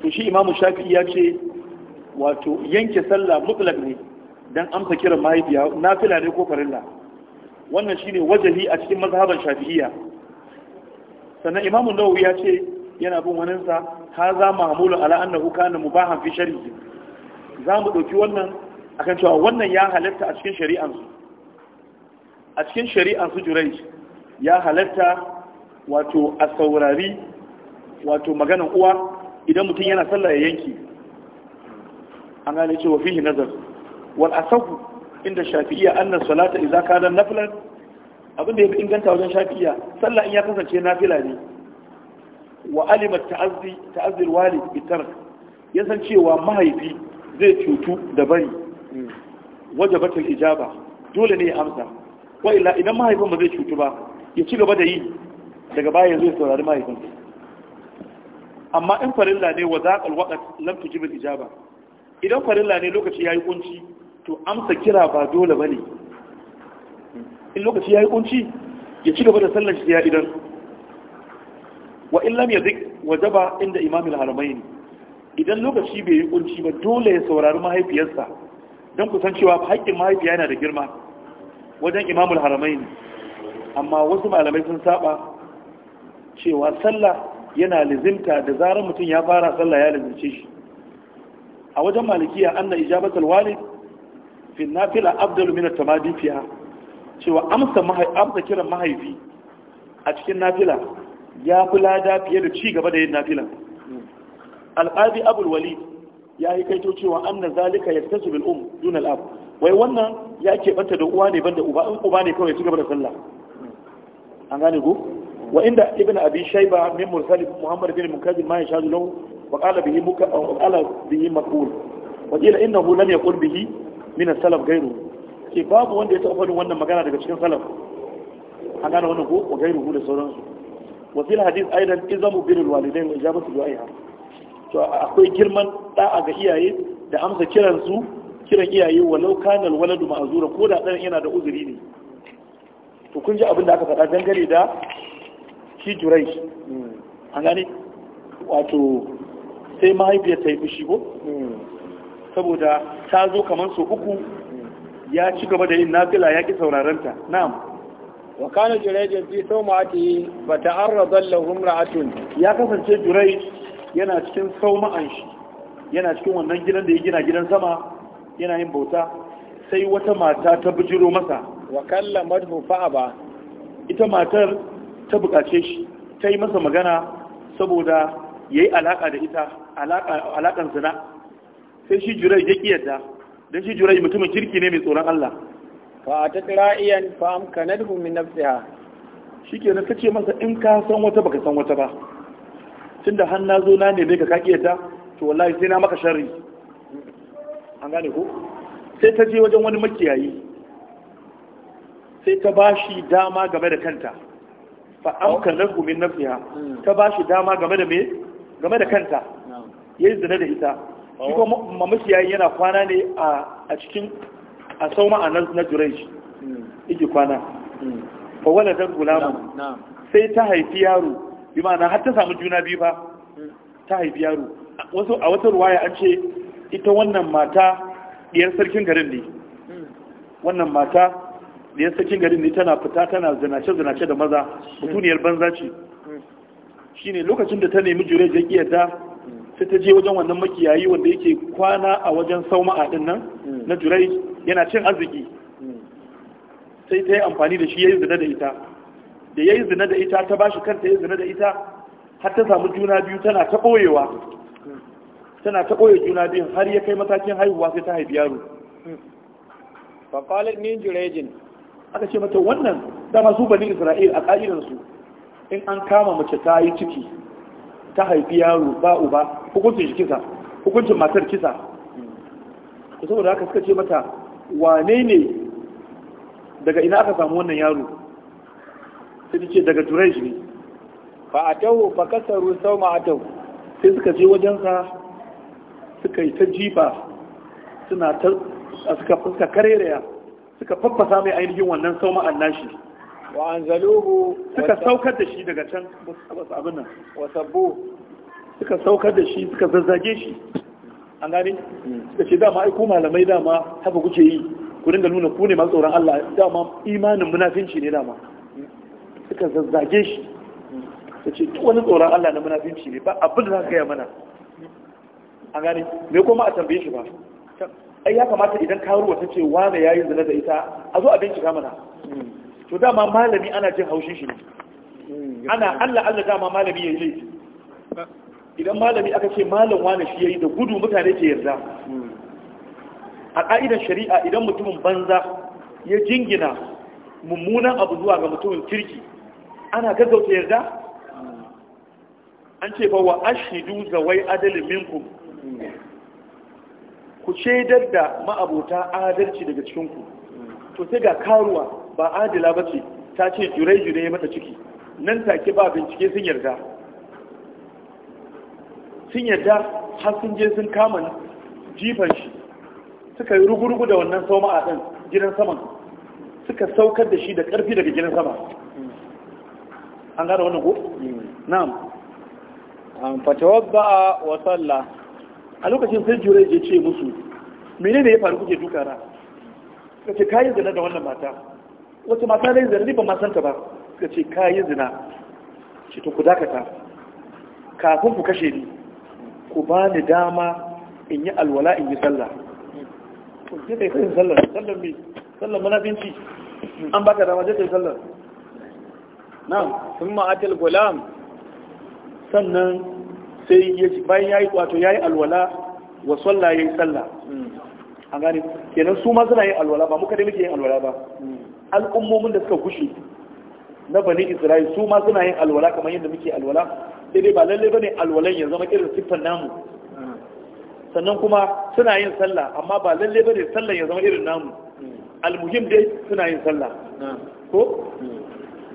to shi imamu shafi'i ya ce wato yanke sallah mutlak ne dan amsa kiran mahaifiya na ne ko farilla wannan shine wajahi a cikin mazhaban shafi'iyya sannan Imamun nawawi ya ce yana bin wanin sa haza mahmulu ala annahu mu mubahan fi shari'i za mu ɗauki wannan akan cewa wannan ya halatta a cikin shari'an su a cikin shari'an su jurai ya halatta wato a saurari wato maganar uwa idan mutum yana sallah ya yanki an gane cewa fihi nazar wal asahu inda shafi'iyya annas salata idza kana nafilan abin da ya fi inganta wajen shafi'iyya sallah in ya kasance nafila ne wa alima ta'azzi ta'azzi alwalid bi ya san cewa mahaifi zai cutu da bari wajabatul ijaba dole ne ya amsa wa illa idan mahaifin ba zai cutu ba ya ci gaba da yi daga baya zai saurari mahaifin amma in farilla ne wa zaqal waqt lam tujib al idan farilla ne lokaci yayi kunci to amsa kira ba dole ba ne in lokaci ya yi kunci ya ci gaba da sallar shi ya idan wa in lam yazik wajaba inda imamul ne. idan lokaci bai yi kunci ba dole ya saurari mahaifiyarsa don kusan cewa haƙƙin mahaifiya yana da girma wajen imamul ne, amma wasu malamai sun saba cewa sallah yana lizimta da zarar mutum ya fara sallah ya lizimce shi a wajen malikiya anna ijabatul walid fi nafila abdul min tamadi Fiya cewa amsa amsa kiran mahaifi a cikin nafila ya fi lada fiye da ci gaba da yin nafila alqadi abul walid ya yi kaito cewa anna zalika yaktasu bil um dun al ab wai wannan ya ke banta da uwa ne banda uba in uba ne kawai ci gaba da sallah an gane ku. wa inda ibn abi shayba min mursal muhammad bin mukaddim ma yashadu lahu wa qala bihi mukaddim wa qala bihi maqul wa qila innahu lam yaqul bihi min salaf gairu ke babu wanda ya taɓa faɗin wannan magana daga cikin salaf an gane wannan ko gairu da sauransu wa fil hadith aidan izamu bil walidain wa ijabatu du'aiha to akwai girman da'a ga iyaye da amsa kiran su kiran iyaye walau kanal waladu ma'zura ko da dan yana da uzuri ne to kun ji abin da aka faɗa dangane da shi jurai hmm. an gane wato sai mahaifiyar ta yi fushi ko hmm. saboda ta zo kamar su uku ya ci gaba da yin nafila ya ki sauraranta na'am wa kana jurayjin fi sawmati fa ta'arrada lahum ra'atun ya kasance jurayj yana cikin sauma'an shi yana cikin wannan gidan da ya gina gidan sama yana yin bauta sai wata mata ta bujiro masa wa kalla madhu fa'aba ita matar ta bukace shi ta yi masa magana saboda yayi alaka da ita alakan zina sai shi jurai ya ƙi yadda don shi jurai mutumin kirki ne mai tsoron Allah fa ta tsira'iyan fa amkanatu min nafsiha shikenan ta ce masa in ka san wata baka san wata ba tunda har na zo na ne bai ka kaki yadda to wallahi sai na maka sharri an gane ko sai ta je wajen wani makiyayi sai ta bashi dama game da kanta fa amkanatu min nafsiha hmm. ta bashi dama game da me game da kanta yayi zina da ita shi ko mamakiyayi yana kwana ne a cikin a sauma a na jureji iji kwana fa wala dan gulamu sai ta haifi yaro bi ma'ana har ta samu juna biyu fa ta haifi yaro wasu a wata ruwaya an ce ita wannan mata diyar sarkin garin ne wannan mata diyar sarkin garin ne tana fita tana zinace zinace da maza mutuniyar banza ce shine lokacin da ta nemi jureji ya kiyarta sai ta je wajen wannan makiyayi wanda yake kwana a wajen sauma'a din nan hmm. na jurai yana cin arziki hmm. sai ta yi amfani da shi ya yi zina da ita da ya yi zina da ita ta bashi kanta ya yi zina da ita har ta samu juna biyu tana ta ɓoyewa tana ta ɓoye juna biyun har ya kai matakin haihuwa sai ta haifi yaro hmm. faƙalar min jurejin aka ce mata wannan dama su bani isra'il a ƙa'idansu in an kama mace ta yi ciki ta haifi yaro ba uba hukuncin shi kisa hukuncin matar kisa saboda haka suka ce mata wane ne daga ina aka samu wannan yaro sai ce daga turai shi ne Ba a tawo ba kasaru sau ma a tawo sai suka je wajensa suka yi ta jifa suna ta suka kareraya suka faffasa mai ainihin wannan sau ma'an nashi wa anzaluhu suka saukar da shi daga can wasu abin nan wa sabbu suka saukar da shi suka zazzage shi an gane hmm. suka ce dama ai ko malamai dama haka kuke yi ku dinga nuna ku ne masu tsoron Allah dama imanin munafinci ne dama suka zazzage shi ta ce duk wani tsoron Allah na munafinci ne ba abin da za ka mana an gane me kuma a tambaye shi ba ai ya kamata idan ka ruwa ta ce wane yayi zina da ita a zo a bincika mana hmm. to dama malami ana jin haushin shi mm, ana Allah Allah dama malami ya yi laifi idan malami aka ce malam wane shi ya yi da gudu mutane ke yarda mm. a ka'idar shari'a idan mutumin banza ya jingina mummunan abu zuwa ga mutumin kirki ana gaggauta yarda mm. an ce fa wa ashidu wai adalin minkum ku shaidar da ma'abota adalci daga cikinku to sai ga karuwa ba adila ba ce ta ce jurai-jurai ya mata ciki nan take ba bincike sun yarda sun yarda har sun je sun kama jifan shi suka yi rugurugu da wannan sauma a ɗan gidan saman suka saukar da shi da ƙarfi daga gidan sama an gada wannan ko? na'am ba a wasalla a lokacin sai jure ya ce musu menene ya faru kuke dukara ka ce kayan zana da wannan mata wata mata na yin zina ba masanta ba suka ce ka yi zina ce to ku dakata kafin ku kashe ni ku ba ni dama in yi alwala in yi sallah to je kai kai sallah sallah me sallah munafinci an baka dama je kai sallah na'am sun ma'atil gulam sannan sai ya yi yayi wato yi alwala wa sallah yi sallah hmm. an gane kenan su ma suna yin alwala ba muka dai muke yin alwala ba hmm. al'ummomin da suka gushe na bani isra'il su ma suna yin alwala kamar yadda muke alwala sai dai ba lalle bane alwalan ya zama irin siffar namu hmm. sannan kuma suna yin sallah amma ba lalle bane sallah ya zama irin namu hmm. almuhim dai suna yin sallah ko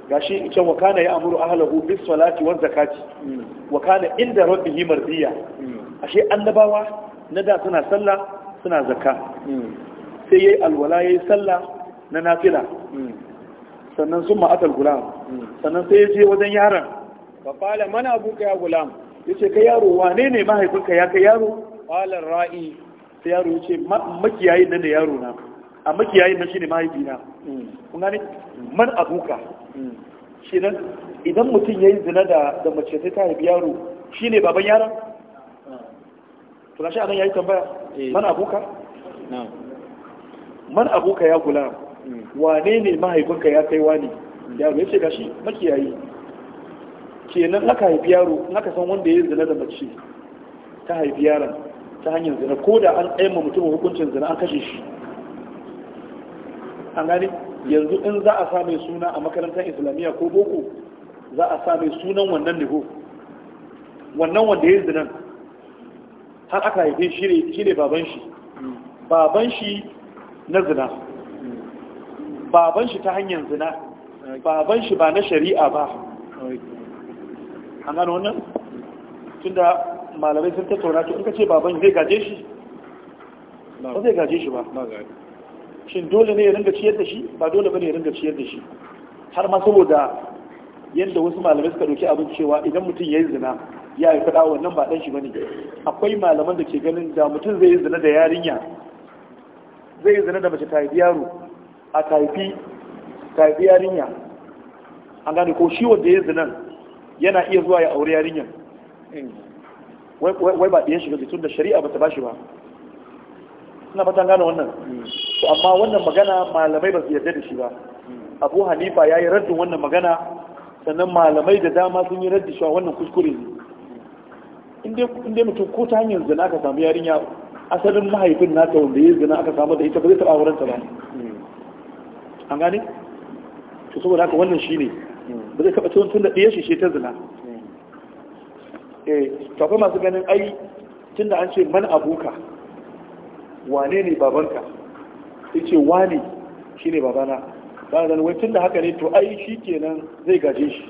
gashi can wa kana ya amuru ahlahu bis salati waz zakati wa kana inda rabbihi mardiya ashe annabawa na da suna sallah suna zaka. Hmm. sai yayi alwala yayi sallah na nafila hmm. sannan sun ma'atar gulam hmm. sannan sai ya je wajen yaron ba fala mana abuka ya gulam ya ce ka yaro wane ne mahaifinka ya kai yaro falar ra'i sai yaro ya ce makiyayin nan da yaro na a makiyayin nan shine mahaifina kun gane man abuka shi nan idan mutum ya yi zina da mace sai ta haifi yaro shine baban yaron ah. to gashi ya yi tambaya Eh. man abuka man abuka ya gula hmm. wane ne mahaifinka ya kai wani hmm. yaro ya ce gashi makiyayi kenan aka haifi yaro in aka san wanda ya yi zina da mace ta haifi yaron ta hanyar zina ko da an tsaye mutum hukuncin zina an kashe shi an gani. yanzu in za a same suna a makarantar islamiyya ko boko za a same sunan wannan niho wannan wanda ya yi zinan har aka haife shi ne baban shi baban shi na zina baban shi ta hanyar zina baban shi ba na shari'a ba an gano wannan tunda malamai sun tattauna to in ka ce baban zai gaje shi ba zai gaje shi ba shin dole ne ya ringa ciyar da shi ba dole ne ya ringa ciyar da shi har ma saboda yadda wasu malamai suka doki abin cewa idan mutum ya yi zina ya yi faɗa wannan ba ɗan shi bane akwai malaman da ke ganin da mutum zai yi zina da yarinya zai yi zina da mace ta haifi yaro a ta haifi ta haifi yarinya an gane ko shi wanda ya yi yana iya zuwa ya aure yarinyar wai ba ɗiyan shiga tun da shari'a ba ta ba shi ba suna fatan gane wannan to amma wannan magana malamai ba su yarda da shi ba abu hanifa ya yi raddin wannan magana sannan malamai da dama sun yi raddi shi wannan kuskure ne Inda mutum ko ta hanyar zina aka samu yarinya asalin mahaifin nata wanda ya zina aka samu da ita ba zai taɓa wurin ta ba an gane to saboda haka wannan shine ba zai taɓa cewa tun da ɗaya shi ta zina eh to masu ganin ai tun da an ce man abuka wane ne babanka sai ce wane shine babana ba da wai tun da haka ne to ai shi kenan zai gaje shi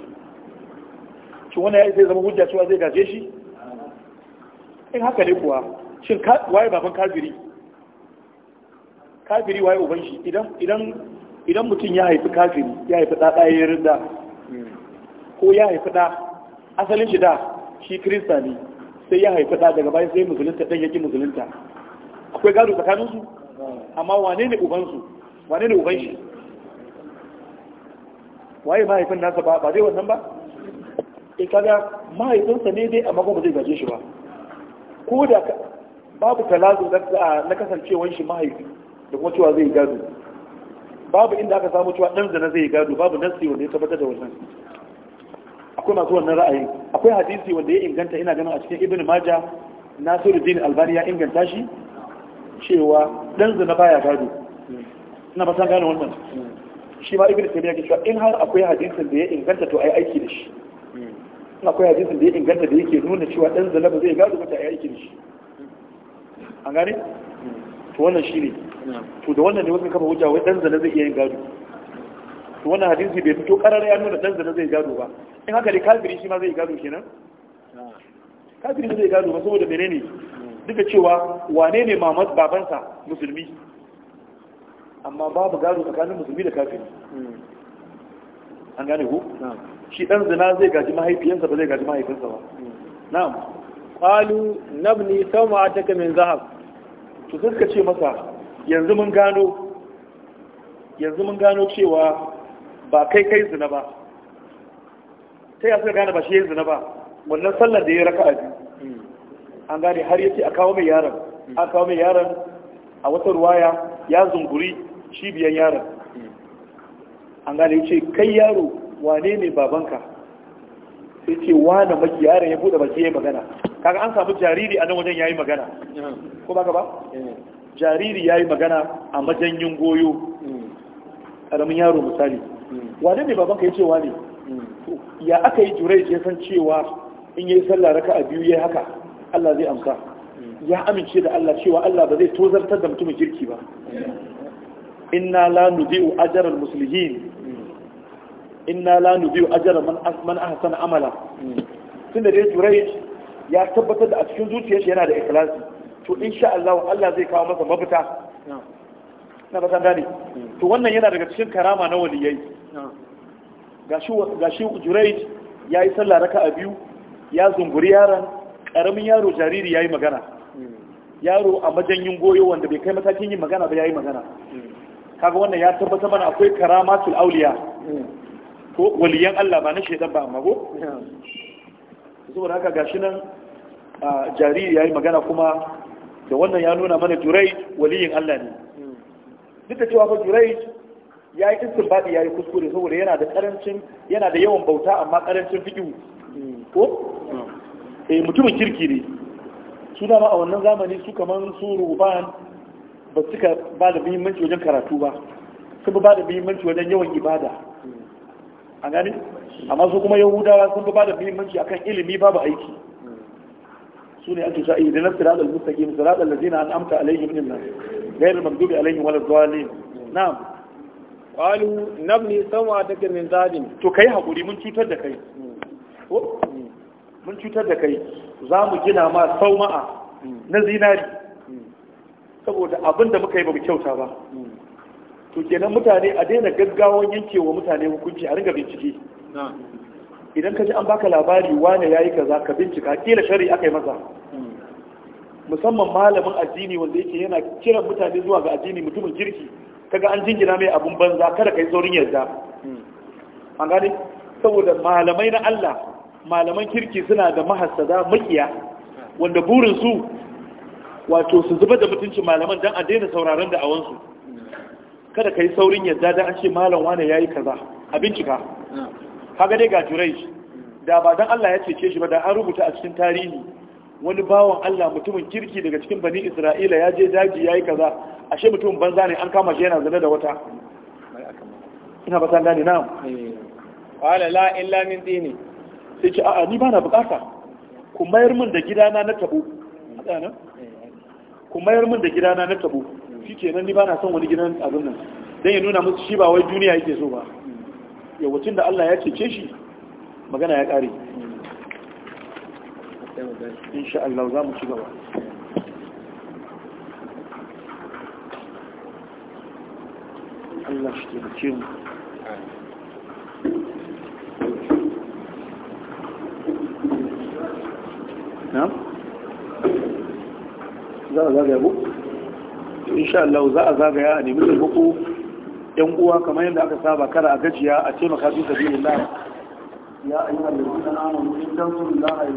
to wannan ya zai zama hujja cewa zai gaje shi in haka ne kuwa shin waye baban kafiri kafiri waye uban shi idan mutum ya haifi kafiri ya haifi ɗa ɗaya ya rinda ko ya haifi ɗa asalin shi da shi kirista ne sai ya haifi ɗa daga bayan sai musulunta ɗan yaki musulunta akwai gado tsakaninsu amma wane ne ubansu wane ne uban shi waye mahaifin nasa ba ba zai wannan ba e kaga mahaifinsa ne dai amma kuma zai gaje shi ba ko da babu talazo na kasancewar shi mahaifi da kuma cewa zai gado babu inda aka samu cewa ɗan zana zai gado babu nasi wanda ya tabbatar da wannan akwai masu wannan ra'ayi akwai hadisi wanda ya inganta ina ganin a cikin ibn majah nasiruddin albani ya inganta shi cewa ɗan zana baya gado ina ba san gane wannan shi ma ibn taymiya ke cewa in har akwai hadisin da ya inganta to ai aiki da shi akwai hadisin da ya inganta da yake nuna cewa dan zalaba ba zai gado mata ta aiki shi an gane to wannan shine to da wannan ne wasu kafa hujja wai dan zalaba zai iya yin gado to wannan hadisi bai fito karara ya nuna dan zalaba zai gado ba in haka dai kafiri shi ma zai gado kenan kafiri zai gado ba saboda menene duk da cewa wane ne mamas babansa musulmi amma babu gado tsakanin musulmi da kafiri hmm. an gane ku shi dan zina zai gaji mahaifiyarsa ba zai gaji mahaifinsa ba na'am qalu nabni ta kamin zahab to suka ce masa yanzu mun gano yanzu mun gano cewa ba kai kai zina ba sai ya suka gane ba shi ya zina ba wannan sallar da ya raka a an gane har yace a kawo mai yaron a kawo mai yaron a wata ruwaya ya zunguri cibiyan yaron an gane yace kai yaro wane ne babanka sai ce wane maki ya bude baki ya magana kaga an samu jariri a nan wajen yayi magana ko baka ba jariri yayi magana a majanyin goyo karamin yaro misali wane ne babanka ce wane ya aka yi jurai ya san cewa in yayi sallah a biyu ya haka Allah zai amsa ya amince da Allah cewa Allah ba zai tozartar da mutumin kirki ba inna la nudi'u ajral muslimin inna la biyu ajra man man ahsana amala tunda dai turai ya tabbatar da a cikin zuciyar shi yana da ikhlasi to insha Allah Allah zai kawo masa mafita na ba gane to wannan yana daga cikin karama na waliyai gashi gashi Jurayj yayi sallah raka'a biyu ya zunguri yaron karamin yaro jariri yayi magana yaro a majanyin goyo wanda bai kai matakin yin magana ba yayi magana kaga wannan ya tabbata mana akwai karamatul auliya ko waliyan Allah ba na shaidan ba amma ko saboda haka gashi nan jariri yayi magana kuma da wannan ya nuna mana jurai waliyin Allah ne hmm. duk da cewa fa Juraij yayi istinbadi yayi kuskure saboda yana da karancin yana da yawan bauta amma karancin fiqhu hmm. ko eh mutumin kirki ne su dama a wannan zamani su kamar su ruban ba suka ba da muhimmanci wajen karatu ba su ba da muhimmanci wajen yawan ibada a gani amma su kuma yahudawa sun ba da muhimmanci akan ilimi babu aiki su ne ake sha'i da nasira da mustaqim sirat allazina an'amta alaihim min nas ghayr maghdubi alaihim wal dhalin na'am qalu nabni sama ta min zadin to kai hakuri mun cutar da kai mun cutar da kai za mu gina ma sauma'a na zinari hmm. saboda abin da muka yi ba mu kyauta ba hmm. to kenan mutane a daina gaggawan wa mutane hukunci a ringa bincike idan ka ji an baka labari wane yayi kaza ka bincika kila shari'a aka yi masa hmm. musamman malamin addini wanda yake yana kiran mutane zuwa ga addini mutumin kirki kaga an jingina mai abun banza kada ka kai saurin yarda hmm. an gane saboda malamai na Allah malaman kirki suna da mahassada makiya wanda burin su wato su zuba da mutuncin malaman dan a daina sauraron da awansu. kada ka yi saurin yadda da an ce malam wane ya yi kaza a bincika kaga dai ga turai da ba don Allah ya cece shi ba da an rubuta a cikin tarihi wani bawan Allah mutumin kirki daga cikin bani Isra'ila ya je daji ya yi kaza ashe mutumin banza ne an kama shi yana zane da wata ina ba san gane na. qala la illa min dini sai ce a'a ni ba na bukata ku mayar min da gidana na tabo ku mayar min da gidana na tabo shi ke nan ni ba na son wani gidan abin nan don ya nuna musu shi ba wai duniya yake so ba yawacin da Allah ya cece shi magana ya ƙare insha Allah za mu ci gaba Allah shi taimake mu na? za a zagaya insha Allah za a zagaya a nemi taimako yan uwa kamar yadda aka saba kara a gajiya a taimaka bi sabilillah ya ayyuhal ladina amanu in tansurullaha